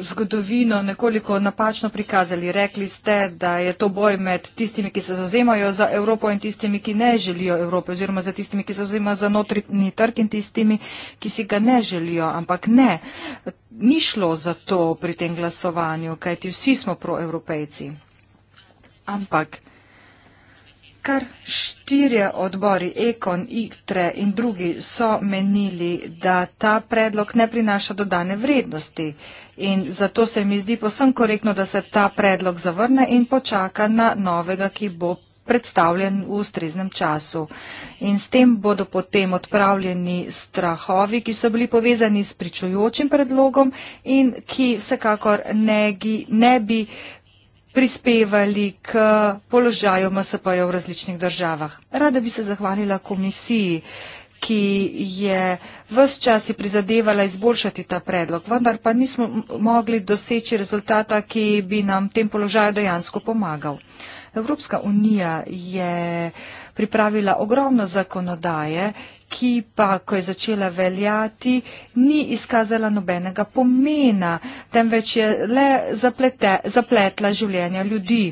zgodovino nekoliko napačno prikazali. Rekli ste, da je to boj med tistimi, ki se zazemajo za Evropo in tistimi, ki ne želijo Evrope, oziroma za tistimi, ki se zazemajo za notrni trg in tistimi, ki si ga ne želijo. Ampak ne, ni šlo za to pri tem glasovanju, kajti vsi smo proevropejci. Ampak. Kar štirje odbori, Ekon, Iktre in drugi, so menili, da ta predlog ne prinaša dodane vrednosti. In zato se mi zdi posem korektno, da se ta predlog zavrne in počaka na novega, ki bo predstavljen v ustreznem času. In s tem bodo potem odpravljeni strahovi, ki so bili povezani s pričujočim predlogom in ki vsekakor ne bi, ne bi prispevali k položaju MSP-jev v različnih državah. Rada bi se zahvalila komisiji, ki je vse čas si prizadevala izboljšati ta predlog, vendar pa nismo mogli doseči rezultata, ki bi nam tem položaju dejansko pomagal. Evropska unija je pripravila ogromno zakonodaje ki pa, ko je začela veljati, ni izkazala nobenega pomena, temveč je le zaplete, zapletla življenja ljudi,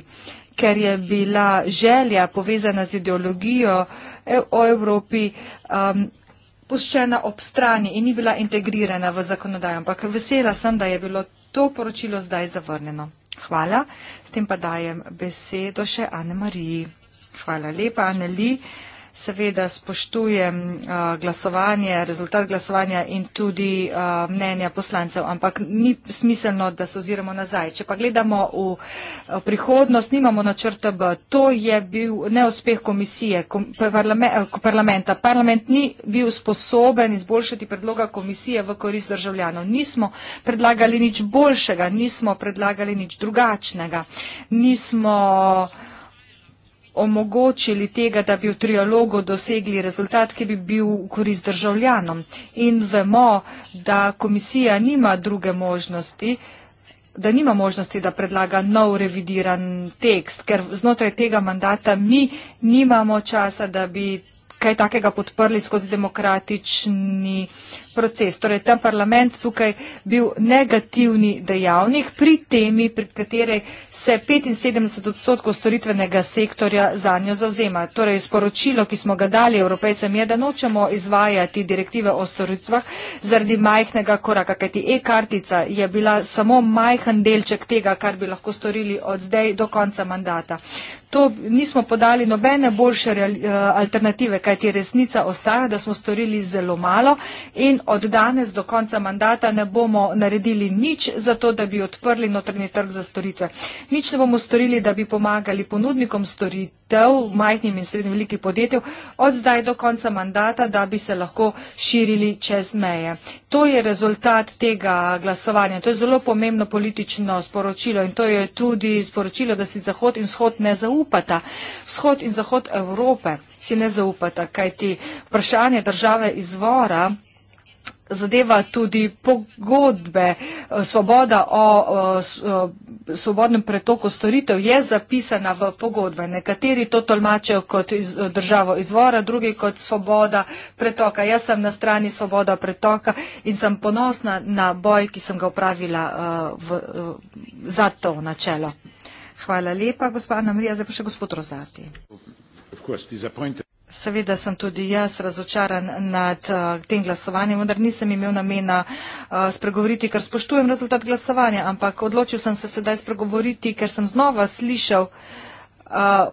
ker je bila želja povezana z ideologijo e, o Evropi. Um, Puščena ob strani in ni bila integrirana v zakonodajo, ampak vesela sem, da je bilo to poročilo zdaj zavrnjeno. Hvala. S tem pa dajem besedo še Anne Mariji. Hvala lepa, Anneli seveda spoštujem glasovanje, rezultat glasovanja in tudi mnenja poslancev, ampak ni smiselno, da se oziramo nazaj. Če pa gledamo v prihodnost, nimamo načrta B, to je bil neuspeh komisije, eh, parlamenta. Parlament ni bil sposoben izboljšati predloga komisije v korist državljanov. Nismo predlagali nič boljšega, nismo predlagali nič drugačnega, nismo omogočili tega, da bi v trialogu dosegli rezultat, ki bi bil v korist državljanom. In vemo, da komisija nima druge možnosti, da nima možnosti, da predlaga nov revidiran tekst, ker znotraj tega mandata mi nimamo časa, da bi kaj takega podprli skozi demokratični proces. Torej, ta parlament tukaj bil negativni dejavnik pri temi, pri katerej se 75 odstotkov storitvenega sektorja za njo zauzema. Torej, sporočilo, ki smo ga dali evropejcem, je, da nočemo izvajati direktive o storitvah zaradi majhnega koraka, kajti e-kartica je bila samo majhen delček tega, kar bi lahko storili od zdaj do konca mandata. To nismo podali nobene boljše eh, alternative, kajti resnica ostaja, da smo storili zelo malo in od danes do konca mandata ne bomo naredili nič za to, da bi odprli notrni trg za storitve nič ne bomo storili, da bi pomagali ponudnikom storitev, majhnim in srednjim velikih podjetjev, od zdaj do konca mandata, da bi se lahko širili čez meje. To je rezultat tega glasovanja. To je zelo pomembno politično sporočilo in to je tudi sporočilo, da si Zahod in Vzhod ne zaupata. Vzhod in Zahod Evrope si ne zaupata, kajti vprašanje države izvora zadeva tudi pogodbe. Svoboda o svobodnem pretoku storitev je zapisana v pogodbe. Nekateri to tolmačejo kot državo izvora, drugi kot svoboda pretoka. Jaz sem na strani svoboda pretoka in sem ponosna na boj, ki sem ga upravila e, v, v, e, za to načelo. Hvala lepa, gospod Anamrija. Zdaj pa še gospod Rozati. Seveda sem tudi jaz razočaran nad uh, tem glasovanjem, vendar nisem imel namena uh, spregovoriti, ker spoštujem rezultat glasovanja, ampak odločil sem se sedaj spregovoriti, ker sem znova slišal uh,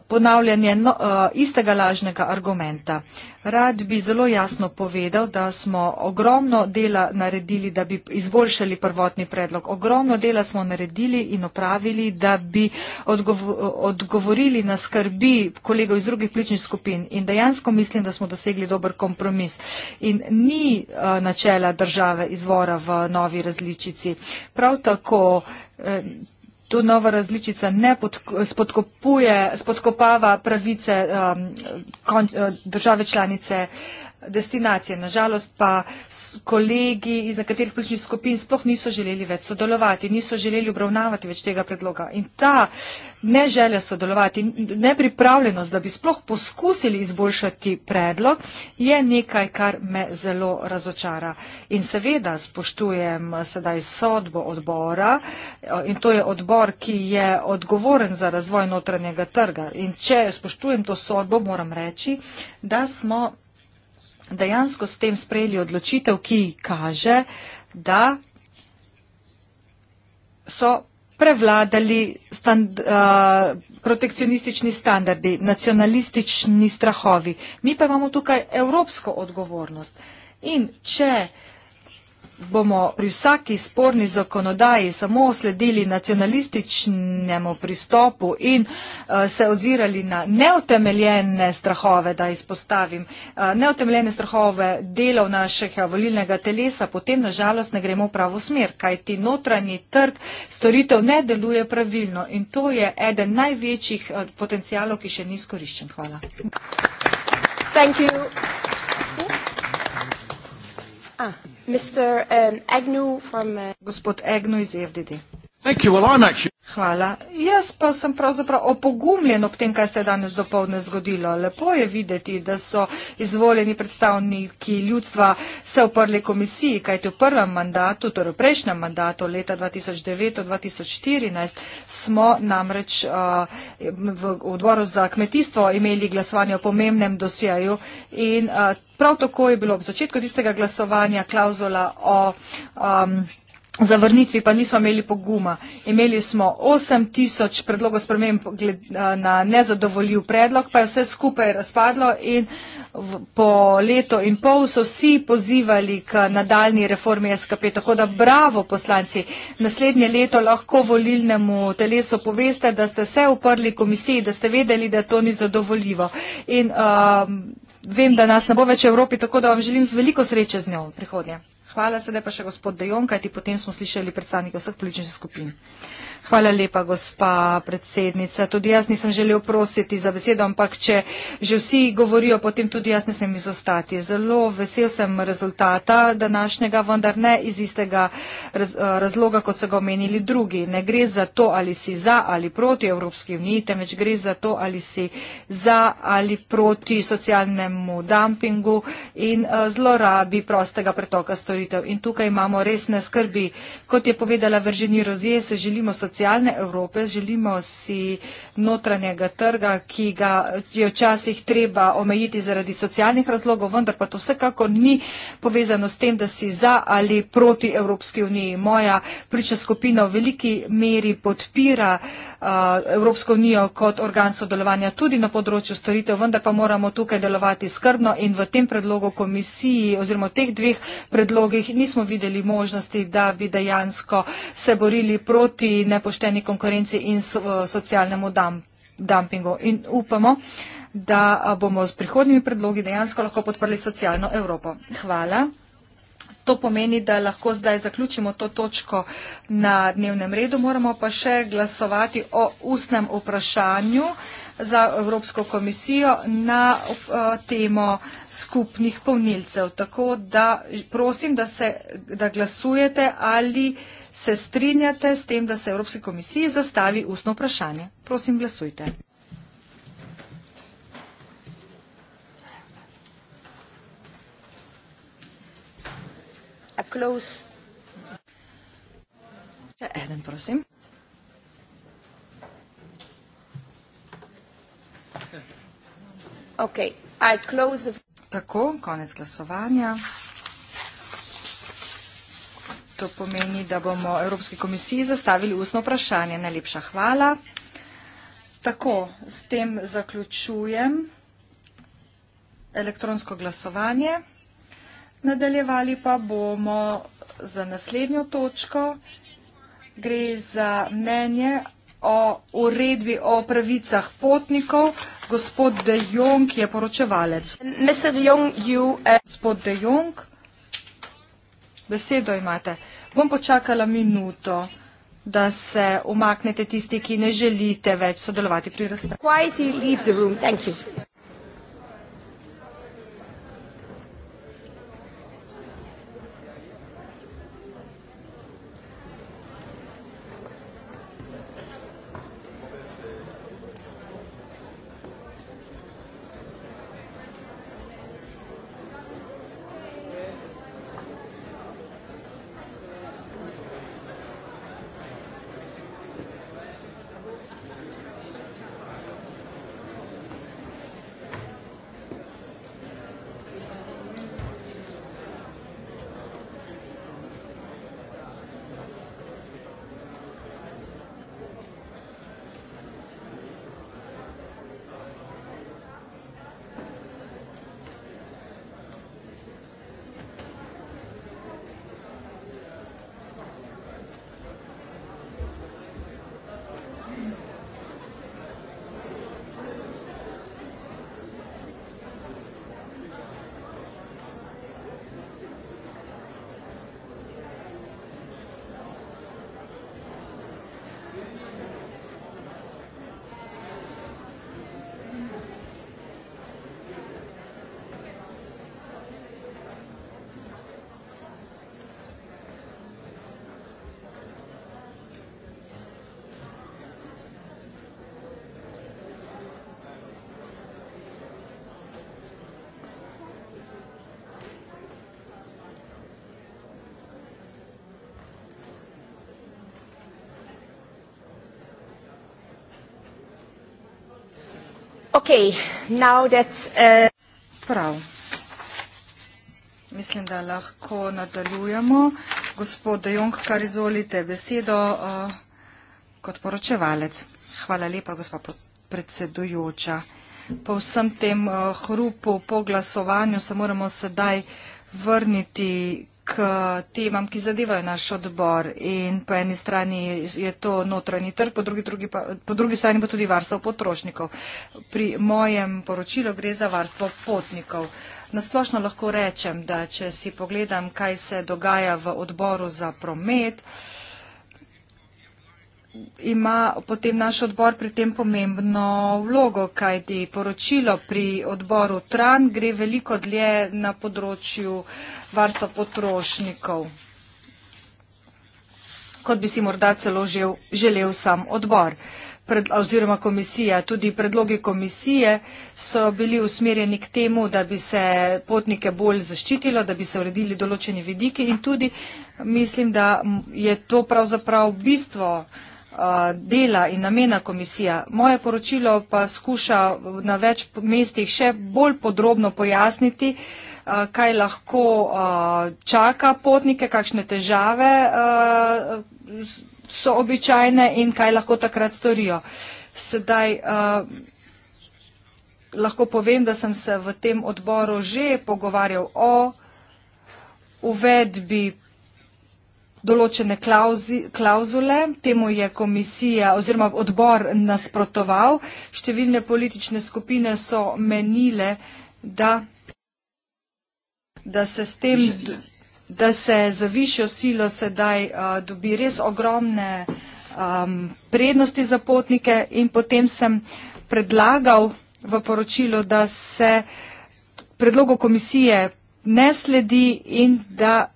ponavljanje no, uh, istega lažnega argumenta. Rad bi zelo jasno povedal, da smo ogromno dela naredili, da bi izboljšali prvotni predlog. Ogromno dela smo naredili in opravili, da bi odgovo odgovorili na skrbi kolegov iz drugih pličnih skupin. In dejansko mislim, da smo dosegli dober kompromis. In ni uh, načela države izvora v novi različici. Prav tako. Uh, tu nova različica ne spodkopava pravice um, kon, države članice uh, destinacije. Nažalost pa kolegi iz nekaterih političnih skupin sploh niso želeli več sodelovati, niso želeli obravnavati več tega predloga. In ta ne želja sodelovati, nepripravljenost, da bi sploh poskusili izboljšati predlog, je nekaj, kar me zelo razočara. In seveda spoštujem sedaj sodbo odbora in to je odbor, ki je odgovoren za razvoj notranjega trga. In če spoštujem to sodbo, moram reči, da smo dejansko s tem sprejeli odločitev, ki kaže, da so prevladali stand, uh, protekcionistični standardi, nacionalistični strahovi. Mi pa imamo tukaj evropsko odgovornost. In če uh, bomo pri vsaki sporni zakonodaji samo sledili nacionalističnemu pristopu in uh, se ozirali na neutemeljene strahove, da izpostavim, uh, neutemeljene strahove delov našega volilnega telesa, potem nažalost ne gremo v pravo smer, kajti notranji trg storitev ne deluje pravilno in to je eden največjih uh, eh, potencijalov, ki še ni izkoriščen. Hvala. Thank you. Thank you. Ah. Mr. Um, Agnew from, uh, Gospod Agnew iz FDD. Hvala. Jaz pa sem pravzaprav opogumljen ob tem, kaj se je danes dopovdne zgodilo. Lepo je videti, da so izvoljeni predstavniki ljudstva se uprli komisiji, kajte v prvem mandatu, torej v prejšnjem mandatu leta 2009-2014 smo namreč uh, v odboru za kmetijstvo imeli glasovanje o pomembnem dosjeju in uh, prav tako je bilo ob začetku tistega glasovanja klauzula o. Um, zavrnitvi pa nismo imeli poguma. Imeli smo 8000 predlogov sprememb eh, na nezadovoljiv predlog, pa je vse skupaj razpadlo in po leto in pol so vsi pozivali k nadaljni reformi SKP. Tako da bravo poslanci, naslednje leto lahko volilnemu telesu poveste, da ste se uprli komisiji, da ste vedeli, da to ni zadovoljivo. In, um, Vem, da nas ne bo več v Evropi, tako da vam želim veliko sreče z njo v prihodnje. Hvala, sedaj pa še gospod Dejon, kajti potem smo slišali predstavnike vseh političnih skupin. Hvala lepa, gospa predsednica. Tudi jaz nisem želel prositi za besedo, ampak če že vsi govorijo, potem tudi jaz ne smem izostati. Zelo vesel sem rezultata današnjega, vendar ne iz istega eh, razloga, kot so ga omenili drugi. Ne gre za to, ali si za ali proti Evropski uniji, temveč gre za to, ali si za ali proti socialnemu dumpingu in eh, zlorabi prostega pretoka storitev. In tukaj imamo resne skrbi. Kot je povedala Virginia Rozier, se želimo socializirati socialne Evrope, želimo si notranjega trga, ki ga je včasih treba omejiti zaradi socialnih razlogov, vendar pa to vsekako ni povezano s tem, da si za ali proti Evropski uniji. Moja priča skupina v veliki meri podpira uh, Evropsko unijo kot organ sodelovanja tudi na področju storitev, vendar pa moramo tukaj delovati skrbno in v tem predlogu komisiji oziroma v teh dveh predlogih nismo videli možnosti, da bi dejansko se borili proti nepošteni konkurenci in socialnemu dampingu. In upamo, da bomo s prihodnimi predlogi dejansko lahko podprli socialno Evropo. Hvala. To pomeni, da lahko zdaj zaključimo to točko na dnevnem redu. Moramo pa še glasovati o ustnem vprašanju za Evropsko komisijo na eh, temo skupnih polnilcev. Tako da prosim, da, se, da glasujete ali se strinjate s tem, da se Evropski komisiji zastavi ustno vprašanje. Prosim, glasujte. a close. Še eden, prosim. Okay, I close the... Tako, konec glasovanja. To pomeni, da bomo Evropski komisiji zastavili ustno vprašanje. Najlepša hvala. Tako, s tem zaključujem elektronsko glasovanje. Nadaljevali pa bomo za naslednjo točko. Gre za mnenje o uredbi o pravicah potnikov. Gospod De Jong je poročevalec. Uh, Gospod De Jong, besedo imate. Bom počakala minuto, da se umaknete tisti, ki ne želite več sodelovati pri razpravi. Okay, now that's, uh... Prav. Mislim, da lahko nadaljujemo. Gospod De Jong, kar izvolite besedo uh, kot poročevalec. Hvala lepa, gospod predsedujoča. Po vsem tem uh, hrupu, po glasovanju se moramo sedaj vrniti k temam, ki zadevajo naš odbor. In po eni strani je to notranji trg, po drugi, drugi pa, po drugi strani pa tudi varstvo potrošnikov. Pri mojem poročilu gre za varstvo potnikov. Nasplošno lahko rečem, da če si pogledam, kaj se dogaja v odboru za promet, uh, ima potem naš odbor pri tem pomembno vlogo, kajti poročilo pri odboru TRAN gre veliko dlje na področju varstva potrošnikov, kot bi si morda celo žel, želel sam odbor oziroma komisija. Tudi predlogi komisije so bili usmerjeni k temu, da bi se potnike bolj zaščitilo, da bi se uredili določeni vidiki in tudi mislim, da je to pravzaprav bistvo uh, Eh, dela in namena komisija. Moje poročilo pa skuša na več mestih še bolj podrobno pojasniti, eh, kaj lahko eh, čaka potnike, kakšne težave so običajne in kaj lahko takrat storijo. Sedaj lahko povem, da sem se v tem odboru že pogovarjal o uvedbi določene klauzi, klauzule. Temu je komisija oziroma odbor nasprotoval. Številne politične skupine so menile, da, da se s tem, da se z višjo silo sedaj uh, dobi res ogromne um, prednosti za potnike in potem sem predlagal v poročilu, da se predlogu komisije ne sledi in da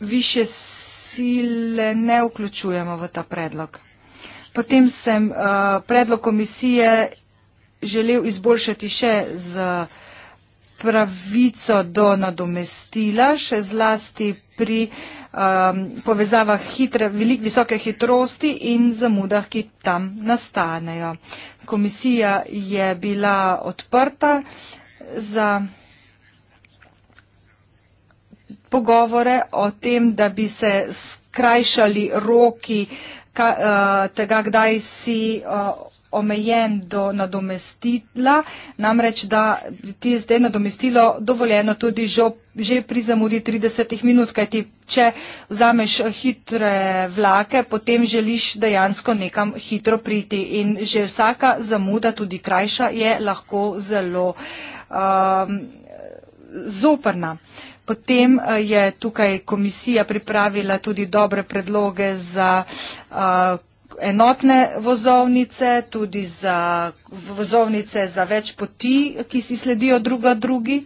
više sile ne vključujemo v ta predlog. Potem sem uh, predlog komisije želel izboljšati še z pravico do nadomestila, še zlasti pri um, povezavah hitre, velik, visoke hitrosti in zamudah, ki tam nastanejo. Komisija je bila odprta za pogovore o tem, da bi se skrajšali roki ka, uh, tega, kdaj si uh, omejen do nadomestila, namreč da ti je zdaj nadomestilo dovoljeno tudi že, že pri zamudi 30 minut, kajti če vzameš hitre vlake, potem želiš dejansko nekam hitro priti in že vsaka zamuda, tudi krajša, je lahko zelo. Uh, Zoprna. Uh, Potem eh, je tukaj komisija pripravila tudi dobre predloge za eh, enotne vozovnice, tudi za vozovnice za več poti, ki si sledijo druga drugi.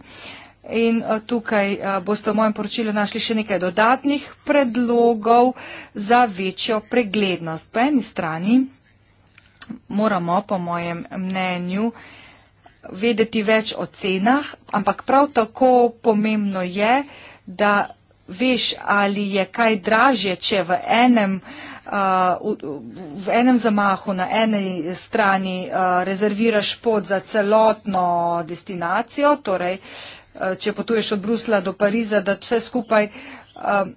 In eh, tukaj boste v mojem poročilu našli še nekaj dodatnih predlogov za večjo preglednost. Po eni strani moramo, po mojem mnenju, uh, vedeti več o cenah, ampak prav tako pomembno je, da veš, ali je kaj dražje, če v enem, uh, v, v enem zamahu na eni strani uh, rezerviraš pot za celotno destinacijo, torej uh, če potuješ od Brusla do Pariza, da vse skupaj. Uh,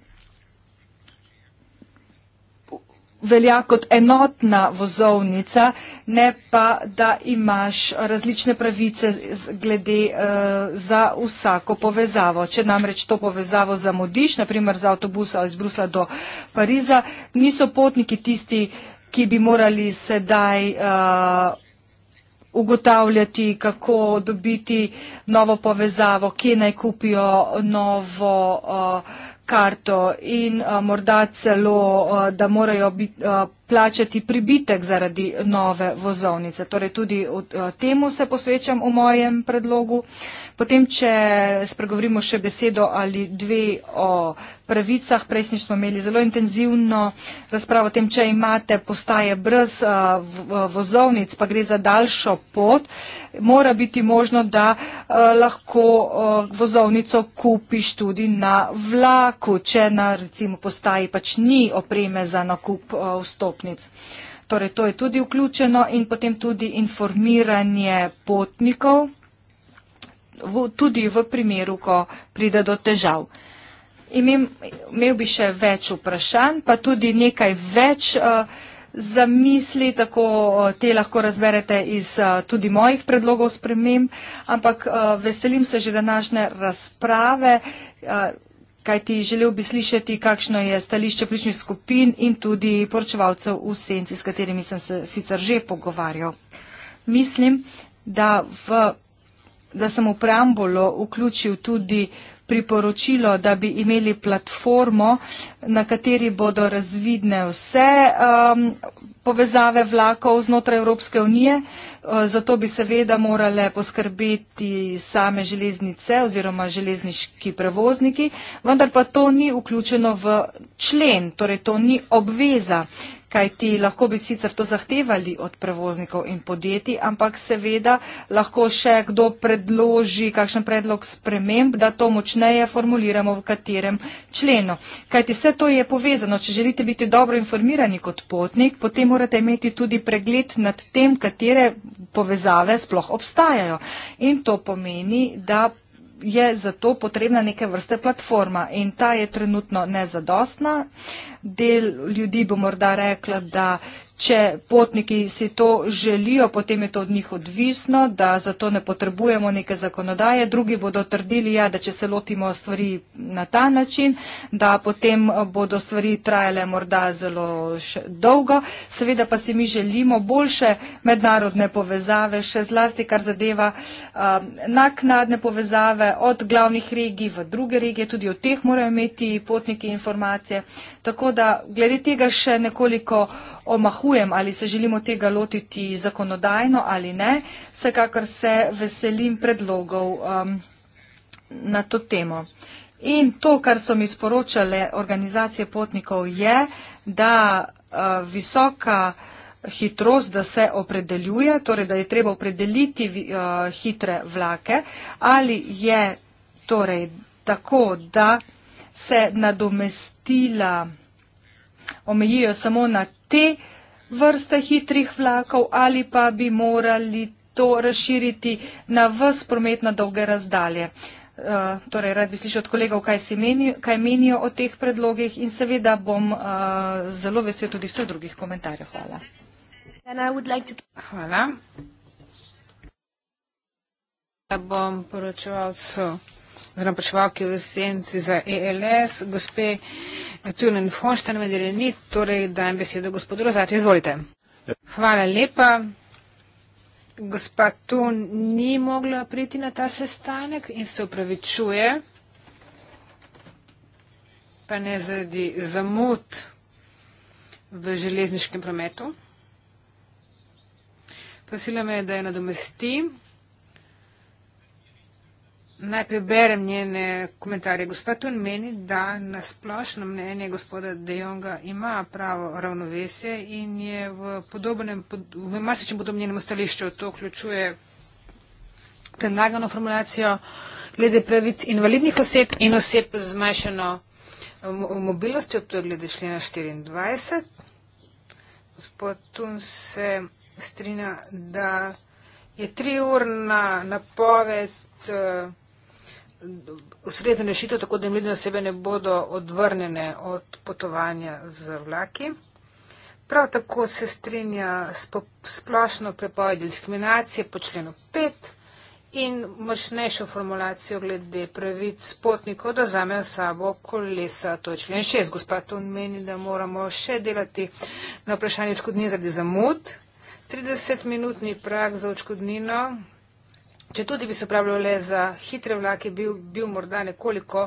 velja kot enotna vozovnica, ne pa, da imaš različne pravice glede eh, za vsako povezavo. Če namreč to povezavo zamudiš, naprimer za avtobusa iz Brusla do Pariza, niso potniki tisti, ki bi morali sedaj eh, ugotavljati, kako dobiti novo povezavo, kje naj kupijo novo uh, karto in a, eh, morda celo, a, eh, da morajo biti. Eh, plačati pribitek zaradi nove vozovnice. Torej tudi temu se posvečam v mojem predlogu. Potem, če spregovorimo še besedo ali dve o pravicah, prejšnjič smo imeli zelo intenzivno razpravo o tem, če imate postaje brez vozovnic, pa gre za daljšo pot, mora biti možno, da lahko vozovnico kupiš tudi na vlaku, če na recimo postaji pač ni opreme za nakup vstop vstopnic. Torej, to je tudi vključeno in potem tudi informiranje potnikov, v, tudi v primeru, ko pride do težav. Imem, imel bi še več vprašanj, pa tudi nekaj več uh, zamisli, tako uh, te lahko razberete iz uh, tudi mojih predlogov spremem, ampak uh, veselim se že današnje razprave. Uh, kaj ti želel bi slišati, kakšno je stališče pličnih skupin in tudi poročevalcev v senci, s katerimi sem se sicer že pogovarjal. Mislim, da, v, da sem v preambulo vključil tudi priporočilo, da bi imeli platformo, na kateri bodo razvidne vse um, povezave vlakov znotraj Evropske unije, eh, zato bi seveda morale poskrbeti same železnice oziroma železniški prevozniki, vendar pa to ni vključeno v člen, torej to ni obveza kaj ti lahko bi sicer to zahtevali od prevoznikov in podjetij, ampak seveda lahko še kdo predloži kakšen predlog sprememb, da to močneje formuliramo v katerem členu. Kaj ti vse to je povezano, če želite biti dobro informirani kot potnik, potem morate imeti tudi pregled nad tem, katere povezave sploh obstajajo. In to pomeni, da je zato potrebna neke vrste platforma in ta je trenutno nezadostna. Del ljudi bo morda rekla, da Če potniki si to želijo, potem je to od njih odvisno, da zato ne potrebujemo neke zakonodaje. Drugi bodo trdili, ja, da če se lotimo stvari na ta način, da potem bodo stvari trajale morda zelo dolgo. Seveda pa si mi želimo boljše mednarodne povezave, še zlasti kar zadeva um, naknadne povezave od glavnih regij v druge regije. Tudi o teh morajo imeti potniki informacije. Tako da glede tega še nekoliko omahujemo narekujem, ali se želimo tega lotiti zakonodajno ali ne. Vsekakor se veselim predlogov um, na to temo. In to, kar so mi sporočale organizacije potnikov, je, da uh, visoka hitrost, da se opredeljuje, torej da je treba opredeliti uh, hitre vlake, ali je torej tako, da se nadomestila omejijo samo na te uh, vrste hitrih vlakov ali pa bi morali to razširiti na vs promet na dolge razdalje. Uh, torej, rad bi slišal od kolegov, kaj, meni, kaj menijo o teh predlogih in seveda bom uh, zelo vesel tudi vseh drugih komentarjev. Hvala. Like to... Hvala. Ja bom poročevalcu oziroma prišvalki v senci za ELS, gospe Tunen Fonštan, medire ni, torej dajem besedo gospodu Rozati, izvolite. Hvala lepa. Gospa Tun ni mogla priti na ta sestanek in se upravičuje, pa ne zaradi zamud v železniškem prometu. Prosila me je, da jo nadomestim. Naj preberem njene komentarje. Gospa Tun meni, da na splošno mnenje gospoda De Jonga ima pravo ravnovesje in je v, podobnem, v marsičem podobnjenem stališču, to vključuje predlagano formulacijo glede pravic invalidnih oseb in oseb z zmanjšeno um, mobilnostjo, to je glede člena 24. Gospod Tun se strinja, da je tri urna napoved. Uh, ustrezen rešitev, tako da invalidne osebe ne bodo odvrnjene od potovanja z vlaki. Prav tako se strinja s splošno prepovedi diskriminacije po členu 5 in močnejšo formulacijo glede pravic potnikov, da zamejo sabo kolesa, to je člen 6. Gospa to meni, da moramo še delati na vprašanje očkodnine zaradi zamud. 30-minutni prag za očkodnino, Če tudi bi se upravljal le za hitre vlake, bi bil morda nekoliko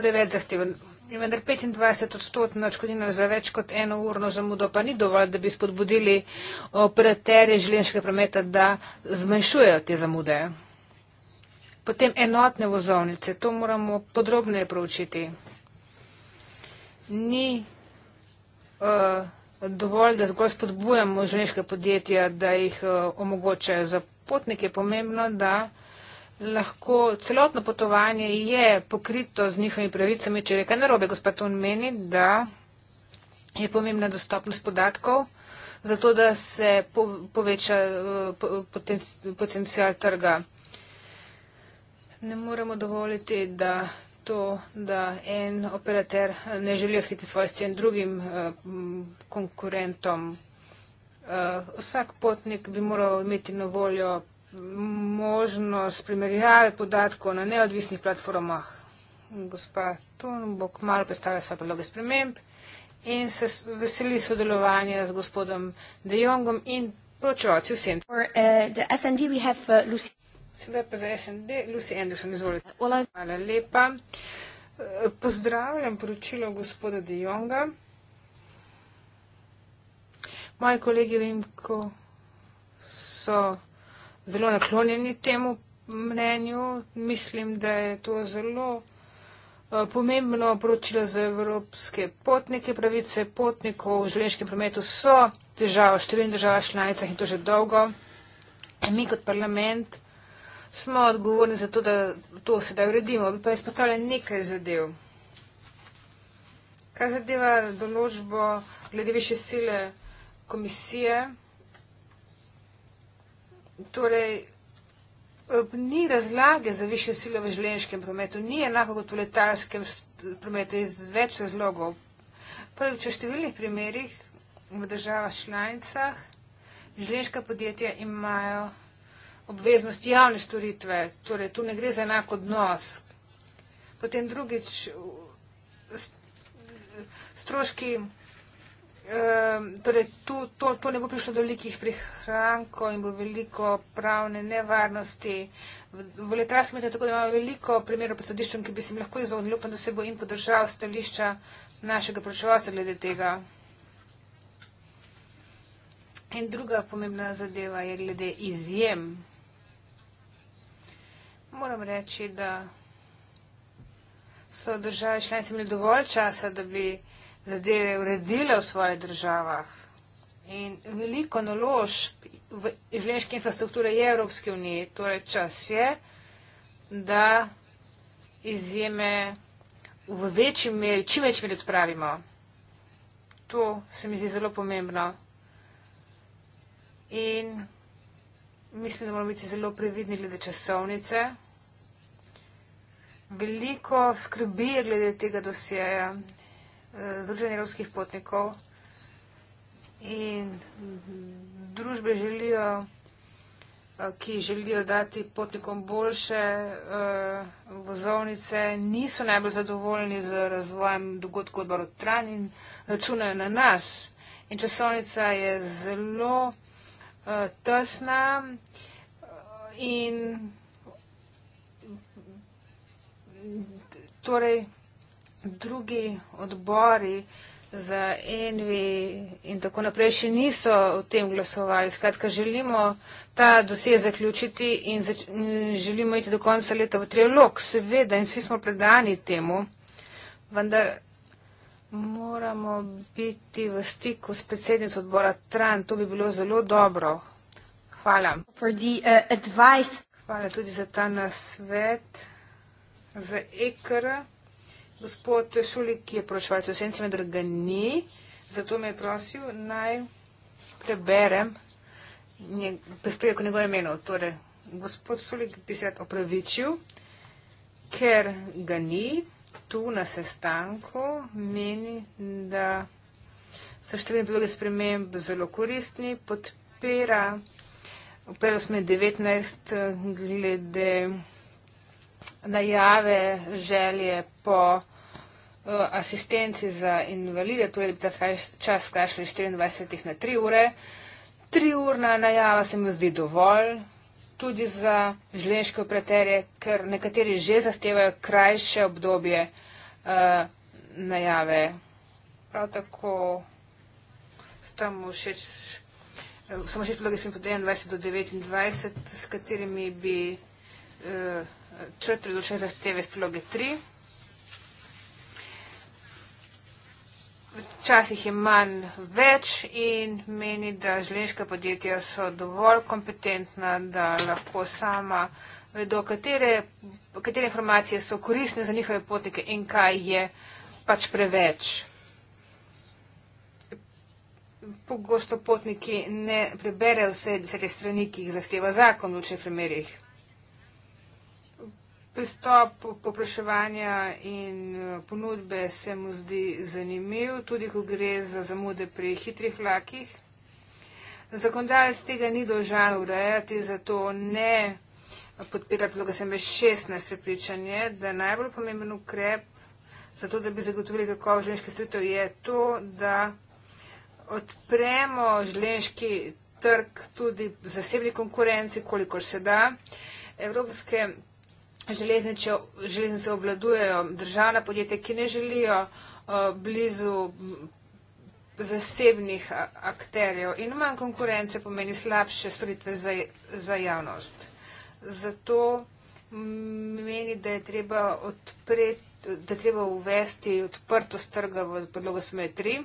preveč zahteven. In vendar 25 odstotna odškodnina za več kot eno urno zamudo pa ni dovolj, da bi spodbudili operaterje železniškega prometa, da zmanjšujejo te zamude. Potem enotne vozovnice, to moramo podrobneje proučiti. Ni uh, dovolj, da zgolj spodbujamo železniške podjetja, da jih uh, omogočajo za potnik je pomembno, da lahko celotno potovanje je pokrito z njihovimi pravicami, če je kaj narobe. Gospod Tun meni, da je pomembna dostopnost podatkov, zato da se poveča eh, potencial trga. Ne moremo dovoliti, da to, da en operater eh, ne želi ohiti svojih cen drugim eh, konkurentom. Eh, vsak potnik bi moral imeti na voljo možnost primerjave podatkov na neodvisnih platformah. Gospa Tun bo kmalo predstavila svoje predloge sprememb in se veseli sodelovanja z gospodom De Jongom in poročevalci vsem. Eh, eh, Sedaj pa za SND, Lucy Anderson, izvolite. Hvala lepa. Pozdravljam poročilo gospoda De Jonga. Moji kolegi vem, ko so zelo naklonjeni temu mnenju. Mislim, da je to zelo eh, pomembno poročilo za evropske potnike. Pravice potnikov v želeniškem prometu so težava v številnih državah članicah in to že dolgo. Mi kot parlament smo odgovorni za to, da to sedaj uredimo. Bi pa izpostavljen nekaj zadev. Kar zadeva določbo glede više sile komisije, torej ni razlage za višjo silo v želeniškem prometu, ni enako kot v letalskem prometu iz več razlogov. Prvič v številnih primerih v državah članicah želeniška podjetja imajo obveznost javne storitve, torej tu ne gre za enako odnos. Potem drugič, stroški vsega, torej tu, to, to ne bo prišlo do velikih prihrankov in bo veliko pravne nevarnosti. V letalskem letu je tako, da imamo veliko primerov pred sodiščem, ki bi se jim lahko izognili. Upam, da se bo info držal stališča našega pročevalca glede tega. In druga pomembna zadeva je glede izjem. Moram reči, da so države članice imeli dovolj časa, da bi zadeve uredile v svojih državah. In veliko naložb v življenjske infrastrukture je Evropske unije, torej čas je, da izjeme v večji meri, čim več meri odpravimo. To se mi zdi zelo pomembno. In mislim, da moramo biti zelo previdni glede časovnice. Veliko skrbi je glede tega dosjeja. Eh, Združenje evropskih potnikov in družbe želijo, eh, ki želijo dati potnikom boljše eh, vozovnice, niso najbolj zadovoljni z razvojem dogodkov odbarotran in računajo na nas. In časovnica je zelo tesna in torej drugi odbori za ENVI in tako naprej še niso o tem glasovali. Skratka, želimo ta dosje zaključiti in zač želimo iti do konca leta v trilog, seveda, in vsi smo predani temu, vendar moramo biti v stiku s predsednico odbora Tran, to bi bilo zelo dobro. Hvala. Uh, Hvala tudi za ta nasvet za EKR. Gospod Šulik, ki je poročevalec v senci, vendar ga ni, zato me je prosil, naj preberem preko njegove imeno. Torej, gospod Šulik bi se rad opravičil, ker ga ni tu na sestanku, meni, da so številne predloge sprememb zelo koristni, podpira, v predvsem 19 glede najave, želje po eh, asistenci za invalide, torej da bi ta čas skrajšali 24 na 3 ure. 3 urna najava se mi zdi dovolj tudi za želeniške operaterje, ker nekateri že zahtevajo krajše obdobje uh, najave. Prav tako samo še tudi logistim pod 21 do 29, s katerimi bi uh, črt predvršen zahteve iz priloge 3. Včasih je manj več in meni, da želeniška podjetja so dovolj kompetentna, da lahko sama vedo, katere, katere informacije so koristne za njihove potnike in kaj je pač preveč. Pogosto potniki ne preberejo vse desete strani, ki jih zahteva zakon v vseh primerih pristop popraševanja in eh, ponudbe se mu zdi zanimiv, tudi ko gre za zamude pri hitrih vlakih. Zakonodajalec tega ni dolžan urejati, zato ne podpira predloga SMB 16 prepričanje, da najbolj pomemben ukrep za to, da bi zagotovili kakovost želeniških storitev, je to, da odpremo želeniški trg tudi zasebni konkurenci, kolikor se da. Evropske železnice obvladujejo državna podjetja, ki ne želijo eh, blizu zasebnih akterjev in manj konkurence pomeni slabše storitve za, za javnost. Zato meni, da je treba, odpret, da je treba uvesti odprtost trga v podlogo SME3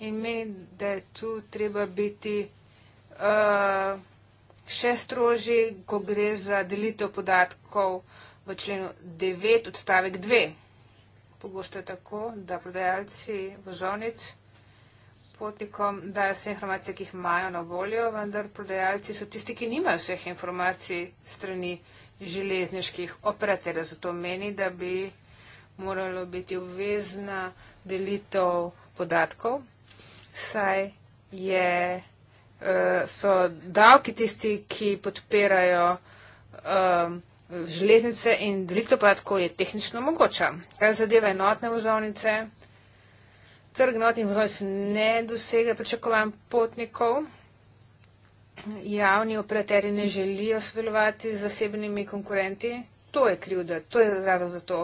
in meni, da je tu treba biti uh, še strožji, ko gre za delitev podatkov v členu 9 odstavek 2. Pogosto je tako, da prodajalci vozovnic potnikom dajo vse informacije, ki jih imajo na voljo, vendar prodajalci so tisti, ki nimajo vseh informacij strani železniških operaterjev. Zato meni, da bi moralo biti obvezna delitev podatkov, saj je. Eh, so davki tisti, ki podpirajo ehm, železnice in delik to podatko je tehnično mogoča. Kar zadeva enotne vozovnice, trg enotnih vozovnic ne dosega pričakovan potnikov, javni operaterji ne želijo sodelovati z zasebnimi konkurenti, to je krivda, to je razlog za to.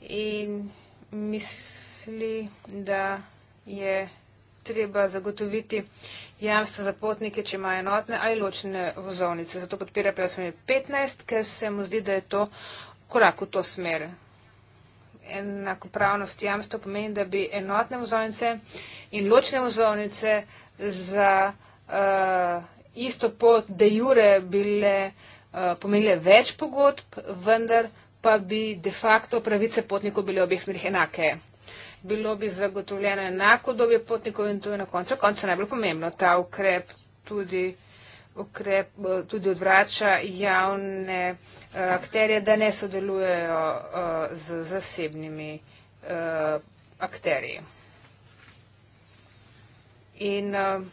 In misli, da je treba zagotoviti jamstva za potnike, če imajo enotne ali ločene vozovnice. Zato podpira 15, ker se mu zdi, da je to korak v to smer. Enakopravnost jamstva pomeni, da bi enotne vozovnice in ločne vozovnice za uh, isto pot de jure bile uh, pomenile več pogodb, vendar pa bi de facto pravice potnikov bile v obeh primerih enake bilo bi zagotovljeno enako dobje potnikov in to je na koncu, koncu najbolj pomembno. Ta ukrep tudi, ukrep eh, tudi odvrača javne uh, akterje, da ne sodelujejo uh, z zasebnimi uh, akterji. In uh,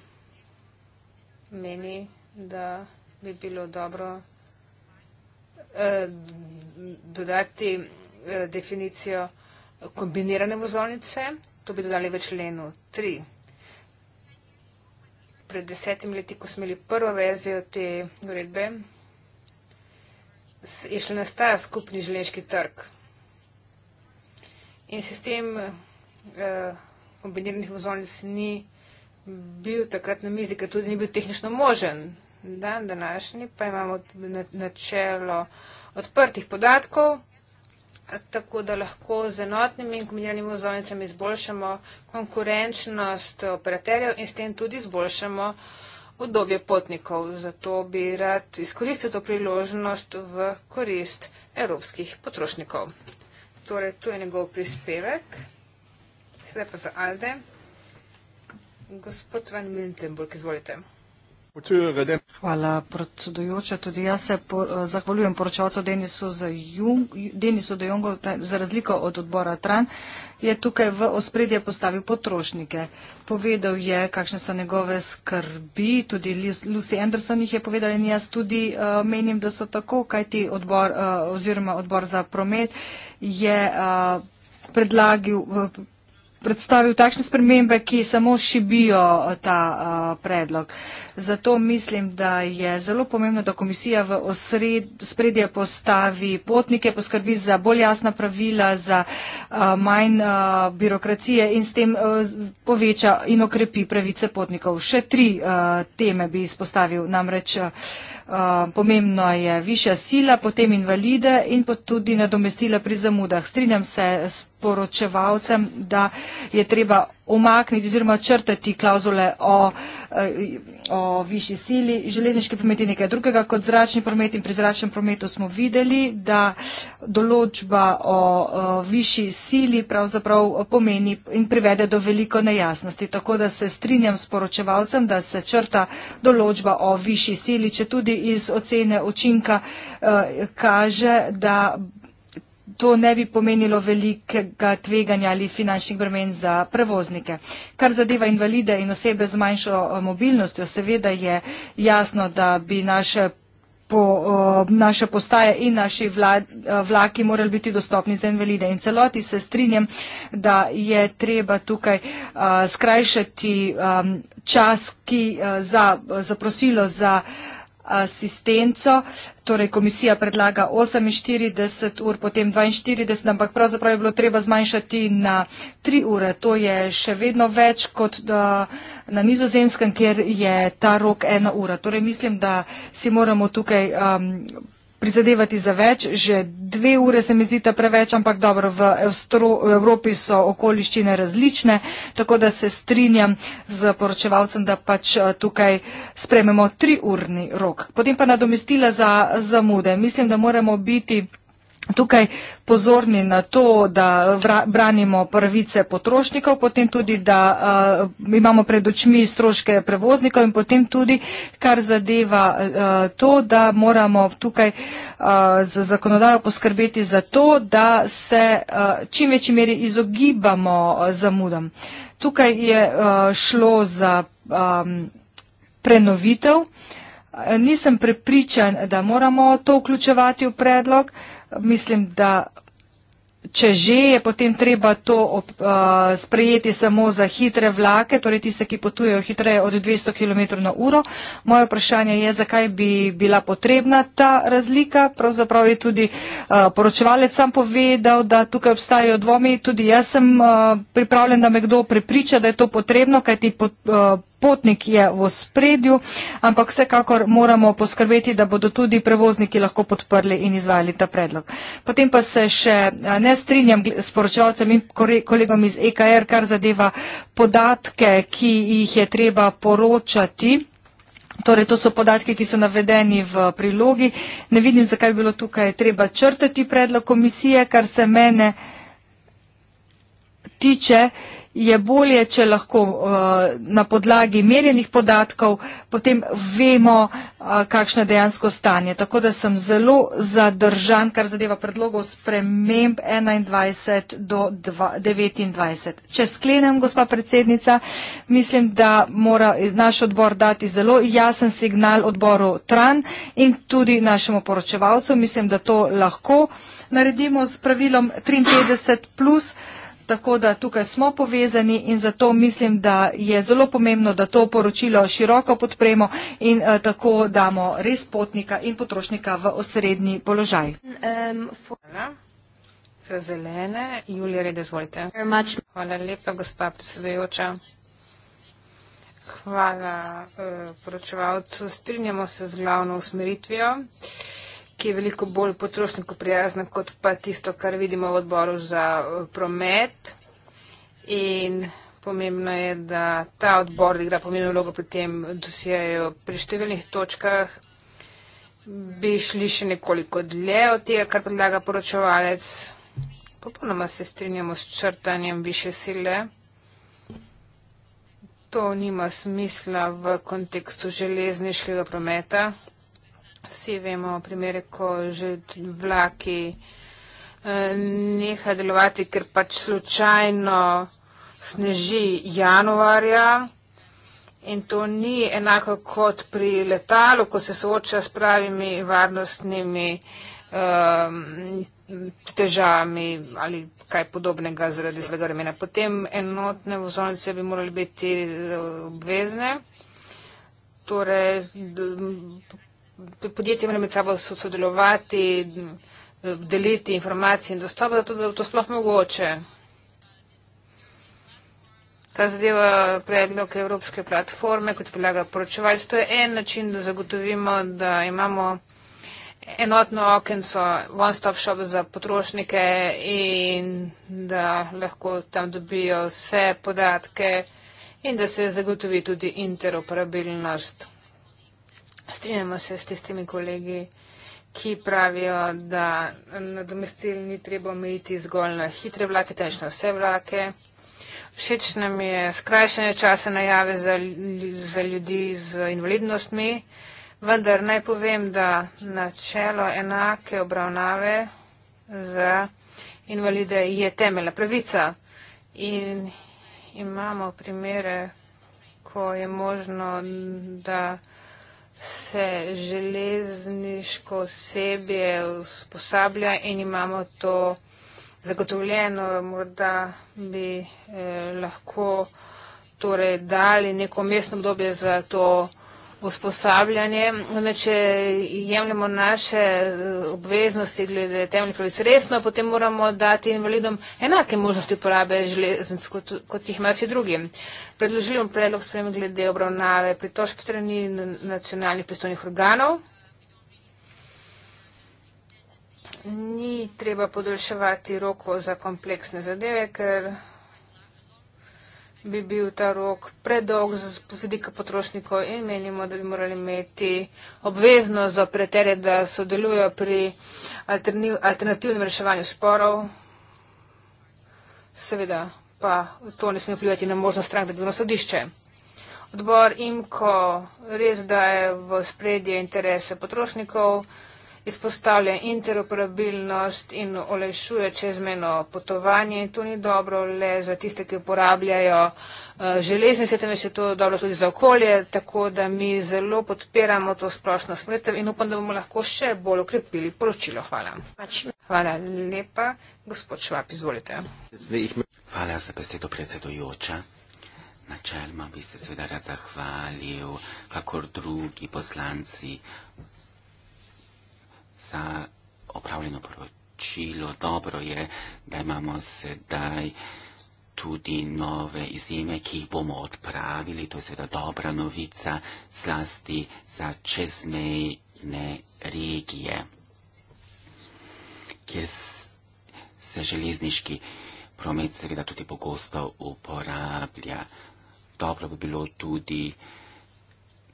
meni, da bi bilo dobro uh, dodati uh, definicijo, kombinirane vozovnice. To bi dodali v členu 3. Pred desetimi leti, ko smo imeli prvo verzijo te uredbe, je šele nastajal skupni želeški trg. In sistem eh, kombiniranih vozovnic ni bil takrat na mizi, ker tudi ni bil tehnično možen. Dan današnji pa imamo načelo odprtih podatkov, tako da lahko z enotnimi in kombiniranimi vozovnicami izboljšamo konkurenčnost operaterjev in s tem tudi izboljšamo obdobje potnikov. Zato bi rad izkoristil to priložnost v korist evropskih potrošnikov. Torej, tu je njegov prispevek. Sedaj pa za Alde. Gospod Van Miltenburg, izvolite. Hvala, predsedujoča. Tudi jaz se po, eh, zahvaljujem poročavcu Denisu de Jongu, za razliko od odbora Tran, je tukaj v ospredje postavil potrošnike. Povedal je, kakšne so njegove skrbi, tudi Lucy Anderson jih je povedala in jaz tudi uh, menim, da so tako, kajti odbor uh, oziroma odbor za promet je uh, predlagil. Uh, predstavil takšne spremembe, ki samo šibijo eh, ta uh, predlog. Zato mislim, da je zelo pomembno, da komisija v spredje postavi potnike, poskrbi za bolj jasna pravila, za uh, manj uh, birokracije in s tem uh, poveča in okrepi pravice potnikov. Še tri uh, teme bi izpostavil namreč. Uh, Eh, pomembno je višja sila, potem invalide in pa tudi nadomestila pri zamudah. Strinjam se s poročevalcem, da je treba omakniti oziroma črtati klauzule o eh, o višji sili. Železniški promet je nekaj drugega kot zračni promet in pri zračnem prometu smo videli, da določba o, o višji sili pravzaprav pomeni in privede do veliko nejasnosti. Tako da se strinjam s poročevalcem, da se črta določba o višji sili, če tudi iz ocene učinka eh, kaže, da to ne bi pomenilo velikega tveganja ali finančnih bremen za prevoznike. Kar zadeva invalide in osebe z manjšo eh, mobilnostjo, seveda je jasno, da bi naše Po, o, eh, naše postaje in naši vlad, eh, vlaki morali biti dostopni za invalide. In celoti se strinjam, da je treba tukaj a, skrajšati a, čas, ki a, za zaprosilo za, prosilo, za asistenco, torej komisija predlaga 48 ur, potem 42, ampak pravzaprav je bilo treba zmanjšati na 3 ure. To je še vedno več kot da, na nizozemskem, kjer je ta rok 1 ura. Torej mislim, da si moramo tukaj um, prizadevati za več. Že dve ure se mi zdi ta preveč, ampak dobro, v, Evstro, v Evropi so okoliščine različne, tako da se strinjam z poročevalcem, da pač eh, tukaj sprememo triurni rok. Potem pa nadomestila za zamude. Mislim, da moramo biti tukaj pozorni na to, da vra, branimo pravice potrošnikov, potem tudi, da uh, imamo pred očmi stroške prevoznikov in potem tudi, kar zadeva uh, to, da moramo tukaj uh, z zakonodajo poskrbeti za to, da se uh, čim večji meri izogibamo uh, zamudam. Tukaj je uh, šlo za um, prenovitev. Nisem prepričan, da moramo to vključevati v predlog. Uh, mislim, da če že je potem treba to ob, uh, sprejeti samo za hitre vlake, torej tiste, ki potujejo hitreje od 200 km na uro. Moje vprašanje je, zakaj bi bila potrebna ta razlika. Pravzaprav je tudi uh, poročevalec sam povedal, da tukaj obstajajo dvomi. Tudi jaz sem uh, pripravljen, da me kdo prepriča, da je to potrebno, kajti. Pot, uh, Potnik je v spredju, ampak vsekakor moramo poskrbeti, da bodo tudi prevozniki lahko podprli in izvajali ta predlog. Potem pa se še eh, ne strinjam s poročevalcem in kolegom iz EKR, kar zadeva podatke, ki jih je treba poročati. Torej, to so podatke, ki so navedeni v prilogi. Ne vidim, zakaj bi bilo tukaj treba črtati predlog komisije, kar se mene tiče je bolje, če lahko uh, na podlagi merjenih podatkov potem vemo, uh, kakšno je dejansko stanje. Tako da sem zelo zadržan, kar zadeva predlogov sprememb 21 do 29. Če sklenem, gospa predsednica, mislim, da mora naš odbor dati zelo jasen signal odboru TRAN in tudi našemu poročevalcu. Mislim, da to lahko naredimo s pravilom 53 plus tako da tukaj smo povezani in zato mislim, da je zelo pomembno, da to poročilo široko podpremo in uh, tako damo res potnika in potrošnika v osrednji položaj. Um, zelene, Julija, red, izvolite. Hvala lepa, gospa predsedujoča. Hvala uh, poročevalcu. Strinjamo se z glavno usmeritvijo. Uh, ki je veliko bolj potrošniku prijazna kot pa tisto, kar vidimo v odboru za eh, promet. In pomembno je, da ta odbor igra pomembno vlogo pri tem dosijaju. Pri številnih točkah bi šli še nekoliko dlje od tega, kar predlaga poročevalec. Popolnoma se strinjamo s črtanjem više sile. To nima smisla v kontekstu železniškega prometa, Vsi vemo primere, ko že vlaki eh, neha delovati, ker pač slučajno sneži januarja. In to ni enako kot pri letalu, ko se sooča s pravimi varnostnimi um, težavami ali kaj podobnega zaradi zlega vremena. Potem enotne vozovnice bi morali biti eh, obvezne. Torej, podjetje mora med sabo sodelovati, deliti informacije in dostopa, zato da je to sploh mogoče. Ta zadeva predlog Evropske platforme, kot prilaga poročevalstvo, to je en način, da zagotovimo, da imamo enotno okenco, one-stop shop za potrošnike in da lahko tam dobijo vse podatke in da se zagotovi tudi interoperabilnost. Strinjamo se s tistimi kolegi, ki pravijo, da nadomestil ni treba omejiti zgolj na hitre vlake, temveč na vse vlake. Všeč nam je skrajšanje časa najave za, za ljudi z invalidnostmi, vendar naj povem, da načelo enake obravnave za invalide je temeljna pravica in imamo primere, ko je možno, da se železniško osebje usposablja in imamo to zagotovljeno, morda bi eh, lahko torej dali neko mestno obdobje za to usposabljanje. Znači, jemljamo naše eh, obveznosti glede temeljnih pravic resno, potem moramo dati invalidom enake možnosti uporabe železnic, kot, kot jih imajo vsi drugi. Predložili bomo predlog sprem glede obravnave pritožb strani nacionalnih pristojnih organov. Ni treba podaljševati roko za kompleksne zadeve, ker bi bil ta rok predolg z vidika potrošnikov in menimo, da bi morali imeti obvezno za pretere, da sodelujo pri alternativnem reševanju sporov. Seveda pa to ne sme vplivati na možnost strank, da bi bilo na sodišče. Odbor IMKO res daje v spredje interese potrošnikov izpostavlja interoperabilnost in olajšuje čezmeno potovanje in to ni dobro le za tiste, ki uporabljajo eh, železnice, temveč je to dobro tudi za okolje, tako da mi zelo podpiramo to splošno smrtev in upam, da bomo lahko še bolj okrepili poročilo. Hvala. Hvala lepa. Gospod Švab, izvolite. Hvala za besedo predsedujoča. Načeloma bi se seveda rad zahvalil, kakor drugi poslanci za opravljeno poročilo. Dobro je, da imamo sedaj tudi nove izjeme, ki jih bomo odpravili. To je seveda dobra novica, zlasti za čezmejne regije, kjer se železniški promet seveda tudi pogosto uporablja. Dobro bi bilo tudi,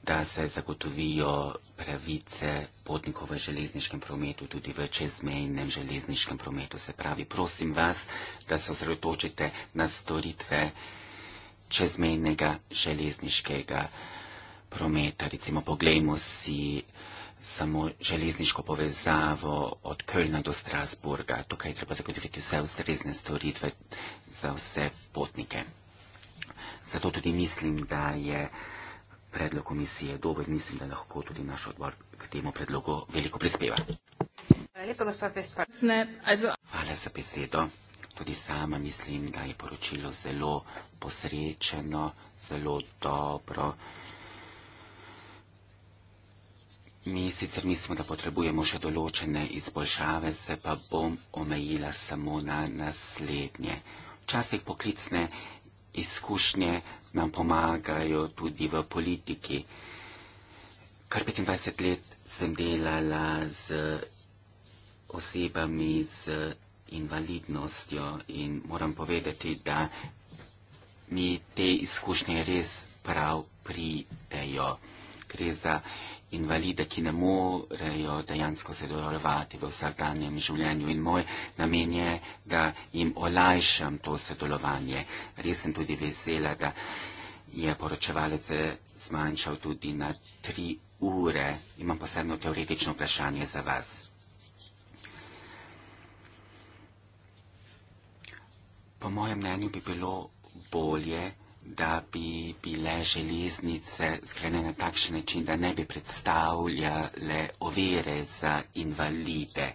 da se zagotovijo pravice potnikov v železniškem prometu, tudi v čezmejnem železniškem prometu. Se pravi, prosim vas, da se osredotočite na storitve čezmejnega železniškega prometa. Recimo, poglejmo si samo železniško povezavo od Kölna do Strasburga. Tukaj je treba zagotoviti vse ustrezne storitve za vse potnike. Zato tudi mislim, da je uh, predlog komisije je dober, mislim, da lahko tudi naš odbor k temu predlogu veliko prispeva. Hvala lepa, gospa Festival. Hvala za besedo. Tudi sama mislim, da je poročilo zelo posrečeno, zelo dobro. Mi sicer mislimo, da potrebujemo še določene izboljšave, se pa bom omejila samo na naslednje. Včasih poklicne izkušnje nam pomagajo tudi v politiki. Kar 25 let sem delala z osebami z invalidnostjo in moram povedati, da mi te izkušnje res prav pridejo. Gre za invalide, ki ne morejo dejansko sodelovati v vsakdanjem življenju. In moj namen je, da jim olajšam to sodelovanje. Res sem tudi vesela, da je poročevalec zmanjšal tudi na tri ure. Imam posebno teoretično vprašanje za vas. Po mojem mnenju bi bilo bolje, da bi bile železnice zgrajene na takšen način, da ne bi predstavljale ovire za invalide,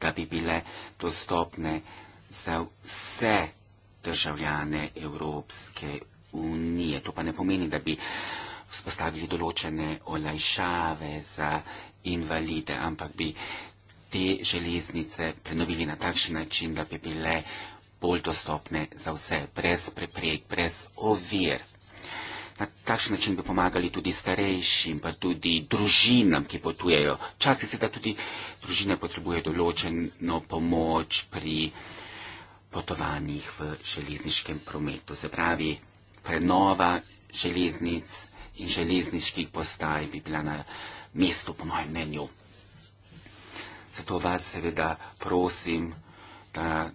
da bi bile dostopne za vse državljane Evropske unije. To pa ne pomeni, da bi vzpostavili določene olajšave za invalide, ampak bi te železnice prenovili na takšen način, da bi bile bolj dostopne za vse, brez preprek, brez ovir. Na takšen način bi pomagali tudi starejšim, pa tudi družinam, ki potujejo. Včasih se da tudi družine potrebuje določeno pomoč pri potovanjih v železniškem prometu. Se pravi, prenova železnic in železniških postaj bi bila na mestu, po mojem mnenju. Zato vas seveda prosim, da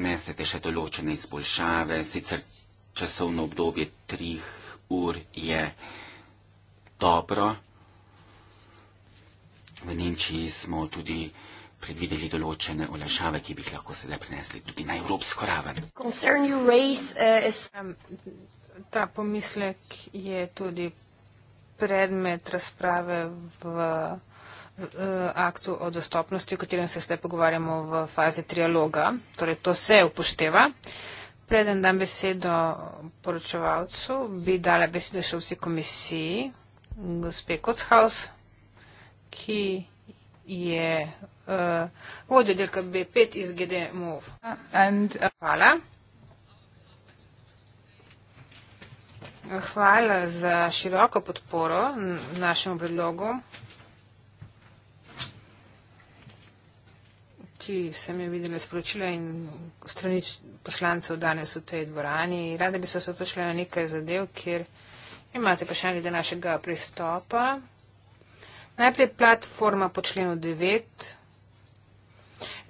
prinesete še določene izboljšave, sicer časovno obdobje trih ur je dobro. V Nemčiji smo tudi predvideli določene olajšave, ki bi jih lahko sedaj prinesli tudi na evropsko raven. Eh, ta pomislek je tudi predmet razprave v Eh, aktu o dostopnosti, o katerem se zdaj pogovarjamo v fazi trialoga. Torej, to se upošteva. Preden dam besedo poročevalcu, bi dala besedo še vsi komisiji, gospe Kochhaus, ki je eh, uh, vodedelka B5 iz GDMOV. Hvala. Hvala za široko podporo našemu predlogu. ki sem jo videla sporočila in strani poslancev danes v tej dvorani. Rada bi se osotočila na nekaj zadev, kjer imate vprašanje do našega pristopa. Najprej platforma po členu 9.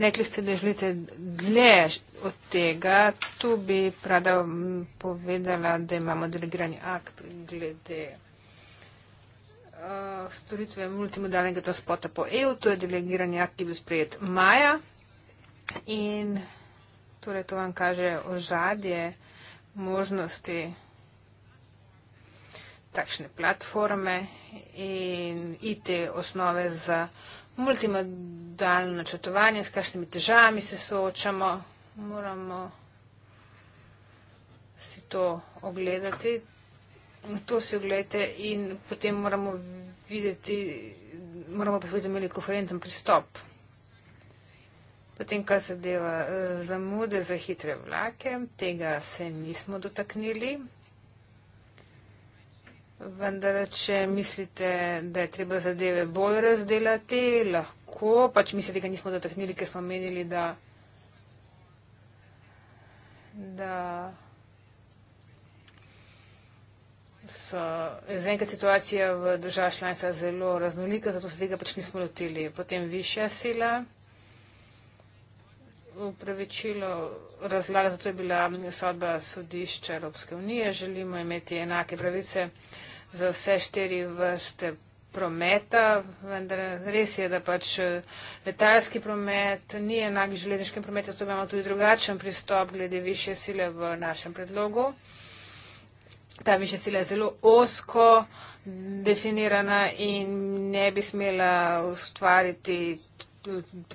Rekli ste, da želite dlje od tega. Tu bi rada povedala, da imamo delegirani akt glede uh, storitve multimodalnega transporta po EU, to je delegiranje, ki bo sprejet maja. In torej to vam kaže ozadje možnosti takšne platforme in IT osnove za multimodalno načrtovanje, s kakšnimi težavami se soočamo. Moramo si to ogledati. To si oglejte in potem moramo videti, moramo pa seveda imeli koherenten pristop. Potem, kar se deva eh, zamude za hitre vlake, tega se nismo dotaknili. Vendar, če mislite, da je treba zadeve bolj razdelati, lahko, pač mi se tega nismo dotaknili, ker smo menili, da. da so, je zaenkrat situacija v državah članica zelo raznolika, zato se tega pač nismo lotili. Potem višja sila, upravičilo, razlaga za to je bila sodba sodišča Evropske unije. Želimo imeti enake pravice za vse štiri vrste prometa, vendar res je, da pač eh, letalski promet ni enak železniškem prometu, zato imamo tudi drugačen pristop glede više sile v našem predlogu ta višesila zelo osko definirana in ne bi smela ustvariti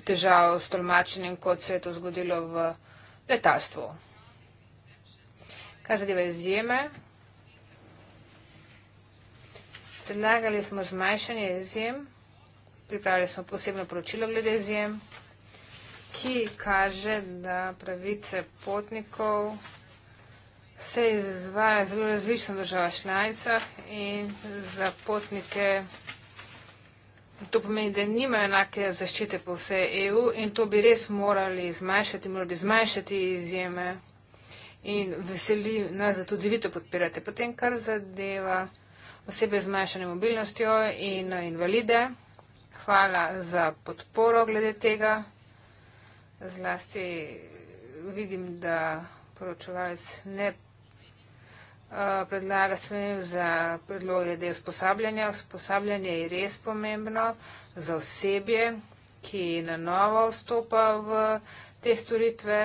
težav s tolmačenjem, kot se je to zgodilo v letalstvu. Kaj zadeva izjeme? Predlagali smo zmanjšanje izjem, pripravili smo posebno poročilo glede izjem, ki kaže, da pravice potnikov se izvaja zelo različno v državah članicah in za potnike. To pomeni, da nimajo enake zaščite po vsej EU in to bi res morali zmanjšati, morali bi zmanjšati izjeme in veseli nas, da tudi vi to podpirate. Potem, kar zadeva osebe z manjšanjem mobilnostjo in eh, invalide, hvala za podporo glede tega. Zlasti vidim, da poročevalec ne predlaga sprememb za predlog glede usposabljanja. Usposabljanje je res pomembno za osebje, ki na novo vstopa v te storitve.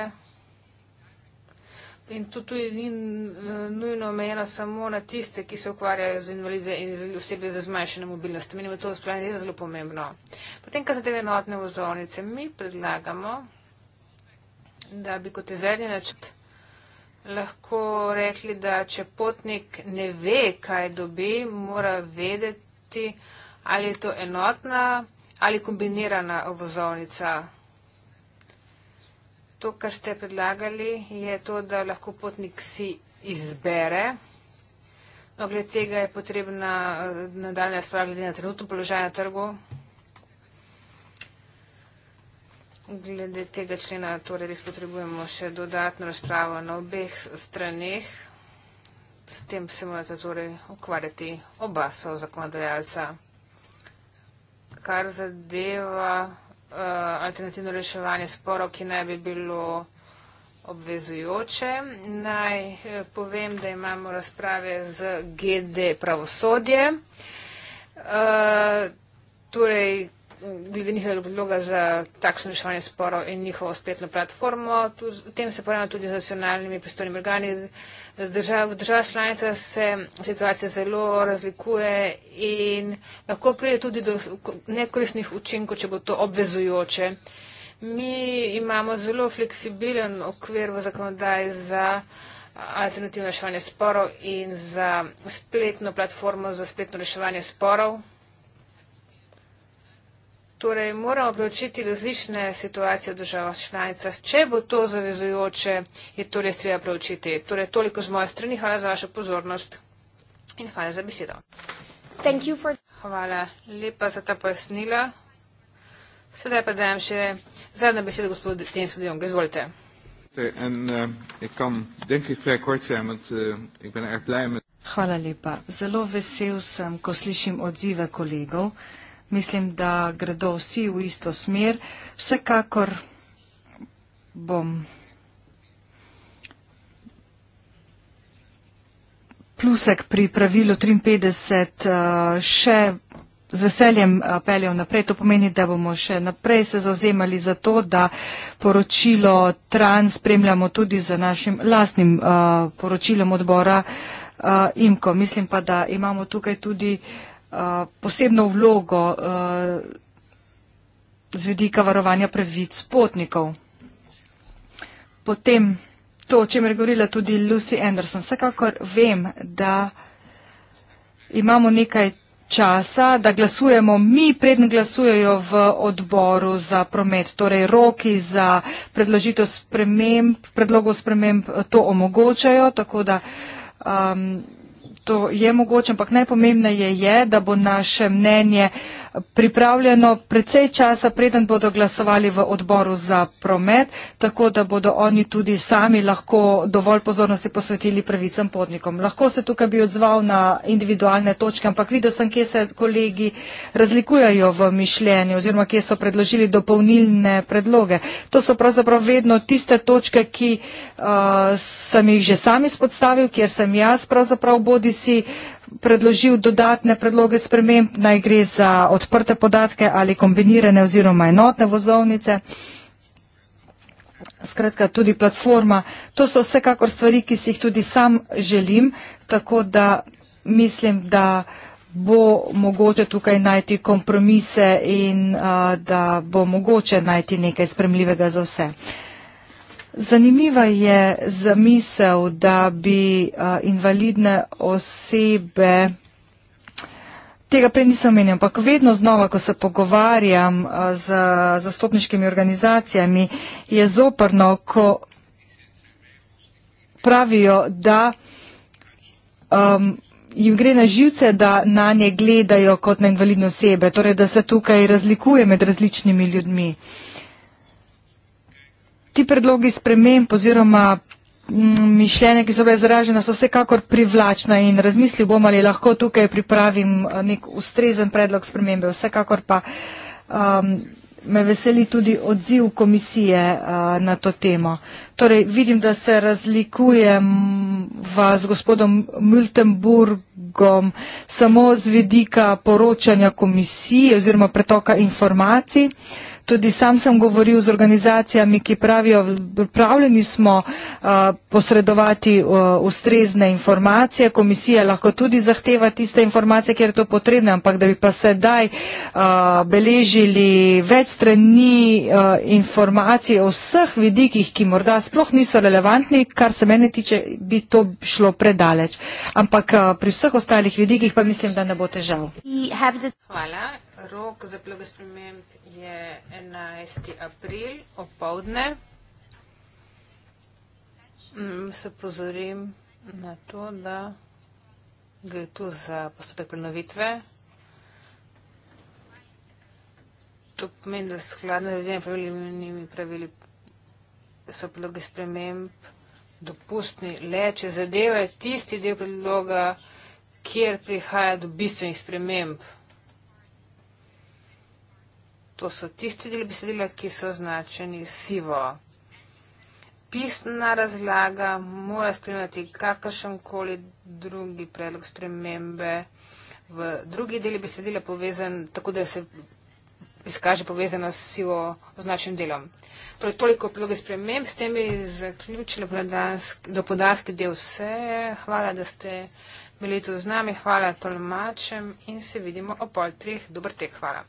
In to tudi ni nujno omejeno samo na tiste, ki se ukvarjajo z invalide in osebe z zmanjšeno mobilnost. Menimo, to usposabljanje je zelo pomembno. Potem, kar zadeve enotne vozovnice, mi predlagamo, da bi kot izredni načrt lahko rekli, da če potnik ne ve, kaj dobi, mora vedeti, ali je to enotna ali kombinirana vozovnica. To, kar ste predlagali, je to, da lahko potnik si izbere. Ogled no, tega je potrebna eh, nadaljna razprava glede na trenutno položaj na trgu. glede tega člena torej res potrebujemo še dodatno razpravo na obeh straneh. S tem se morate torej ukvarjati oba so zakonodajalca. Kar zadeva uh, alternativno reševanje sporov, ki naj bi bilo obvezujoče, naj eh, povem, da imamo razprave z GD pravosodje. Uh, torej, glede njihovega podloga za takšno reševanje sporo in njihovo spletno platformo. Tu, tem se poravnajo tudi z nacionalnimi pristojnimi organi. Držav, v državah članica se situacija zelo razlikuje in lahko pride tudi do nekoristnih učinkov, če bo to obvezujoče. Mi imamo zelo fleksibilen okvir v zakonodaji za alternativno reševanje sporov in za spletno platformo za spletno reševanje sporov. Torej, moramo preučiti različne situacije v državah članicah. Če bo to zavezujoče, je to res treba preučiti. Torej, toliko z moje strani. Hvala za vašo pozornost in hvala za besedo. For... Hvala lepa za ta pojasnila. Sedaj pa dajem še zadnjo besedo gospodu Denisu Dionga. Izvolite. Eh, eh, hvala lepa. Zelo vesel sem, ko slišim odzive kolegov. Mislim, da gredo vsi v isto smer. Vsekakor bom plusek pri pravilu 53 eh, še z veseljem peljal naprej. To pomeni, da bomo še naprej se zauzemali za to, da poročilo tran spremljamo tudi za našim lastnim eh, poročilom odbora eh, IMKO. Mislim pa, da imamo tukaj tudi Eh, posebno vlogo eh, z vidika varovanja pravic potnikov. Potem to, o čem je govorila tudi Lucy Anderson. Vsekakor vem, da imamo nekaj časa, da glasujemo mi, predn glasujejo v odboru za promet. Torej roki za predložitev sprememb, predlogov sprememb to omogočajo, tako da um, to je mogoče, ampak najpomembneje je, da bo naše mnenje uh, pripravljeno precej časa, preden bodo glasovali v odboru za promet, tako da bodo oni tudi sami lahko dovolj pozornosti posvetili pravicam potnikom. Lahko se tukaj bi odzval na individualne točke, ampak videl sem, kje se kolegi razlikujajo v mišljenju oziroma kje so predložili dopolnilne predloge. To so pravzaprav vedno tiste točke, ki uh, sem jih že sam izpodstavil, kjer sem jaz pravzaprav bodi si uh, predložil dodatne predloge sprememb, naj gre za odprte podatke ali kombinirane oziroma enotne vozovnice, skratka tudi platforma. To so vsekakor stvari, ki si jih tudi sam želim, tako da mislim, da bo mogoče tukaj najti kompromise in da bo mogoče najti nekaj spremljivega za vse. Zanimiva je zamisel, da bi uh, invalidne osebe, tega prej nisem menil, ampak vedno znova, ko se pogovarjam uh, z zastopniškimi organizacijami, je zoprno, ko pravijo, da um, jim gre na živce, da na nje gledajo kot na invalidne osebe, torej da se tukaj razlikuje med različnimi ljudmi. Uh, ti predlogi spremem oziroma mm, mišljenja, ki so bile izražene, so vsekakor privlačna in razmislil bom, ali lahko tukaj pripravim eh, nek ustrezen predlog spremembe. Vsekakor pa um, me veseli tudi odziv komisije uh, na to temo. Torej, vidim, da se razlikujem mm, z gospodom Multenburgom samo z vidika poročanja komisije oziroma pretoka informacij. Uh, tudi sam sem govoril z organizacijami, ki pravijo, pravljeni smo uh, posredovati uh, ustrezne informacije, komisija lahko tudi zahteva tiste informacije, kjer je to potrebno, ampak da bi pa sedaj uh, beležili več strani informacij o vseh vidikih, ki morda sploh niso relevantni, kar se mene tiče, bi to šlo predaleč. Ampak pri vseh ostalih vidikih pa mislim, da ne bo težav. Hvala. Rok za plogo sprememb je 11. april, opovdne. Mm, se pozorim na to, da gre tu za postopek prenovitve. To pomeni, da skladno redenje pravilnimi pravili so predloge sprememb dopustni le, če zadeva je tisti del predloga, kjer prihaja do bistvenih sprememb to so tisti deli besedila, ki so označeni sivo. Pisna razlaga mora spremljati kakršen koli drugi predlog spremembe. V drugi deli besedila povezan, tako da se izkaže povezano s sivo označenim delom. Torej, toliko priloge sprememb, s tem bi zaključili do podanske del vse. Hvala, da ste bili tu z nami, hvala tolmačem in se vidimo o pol treh. Dobr tek, hvala.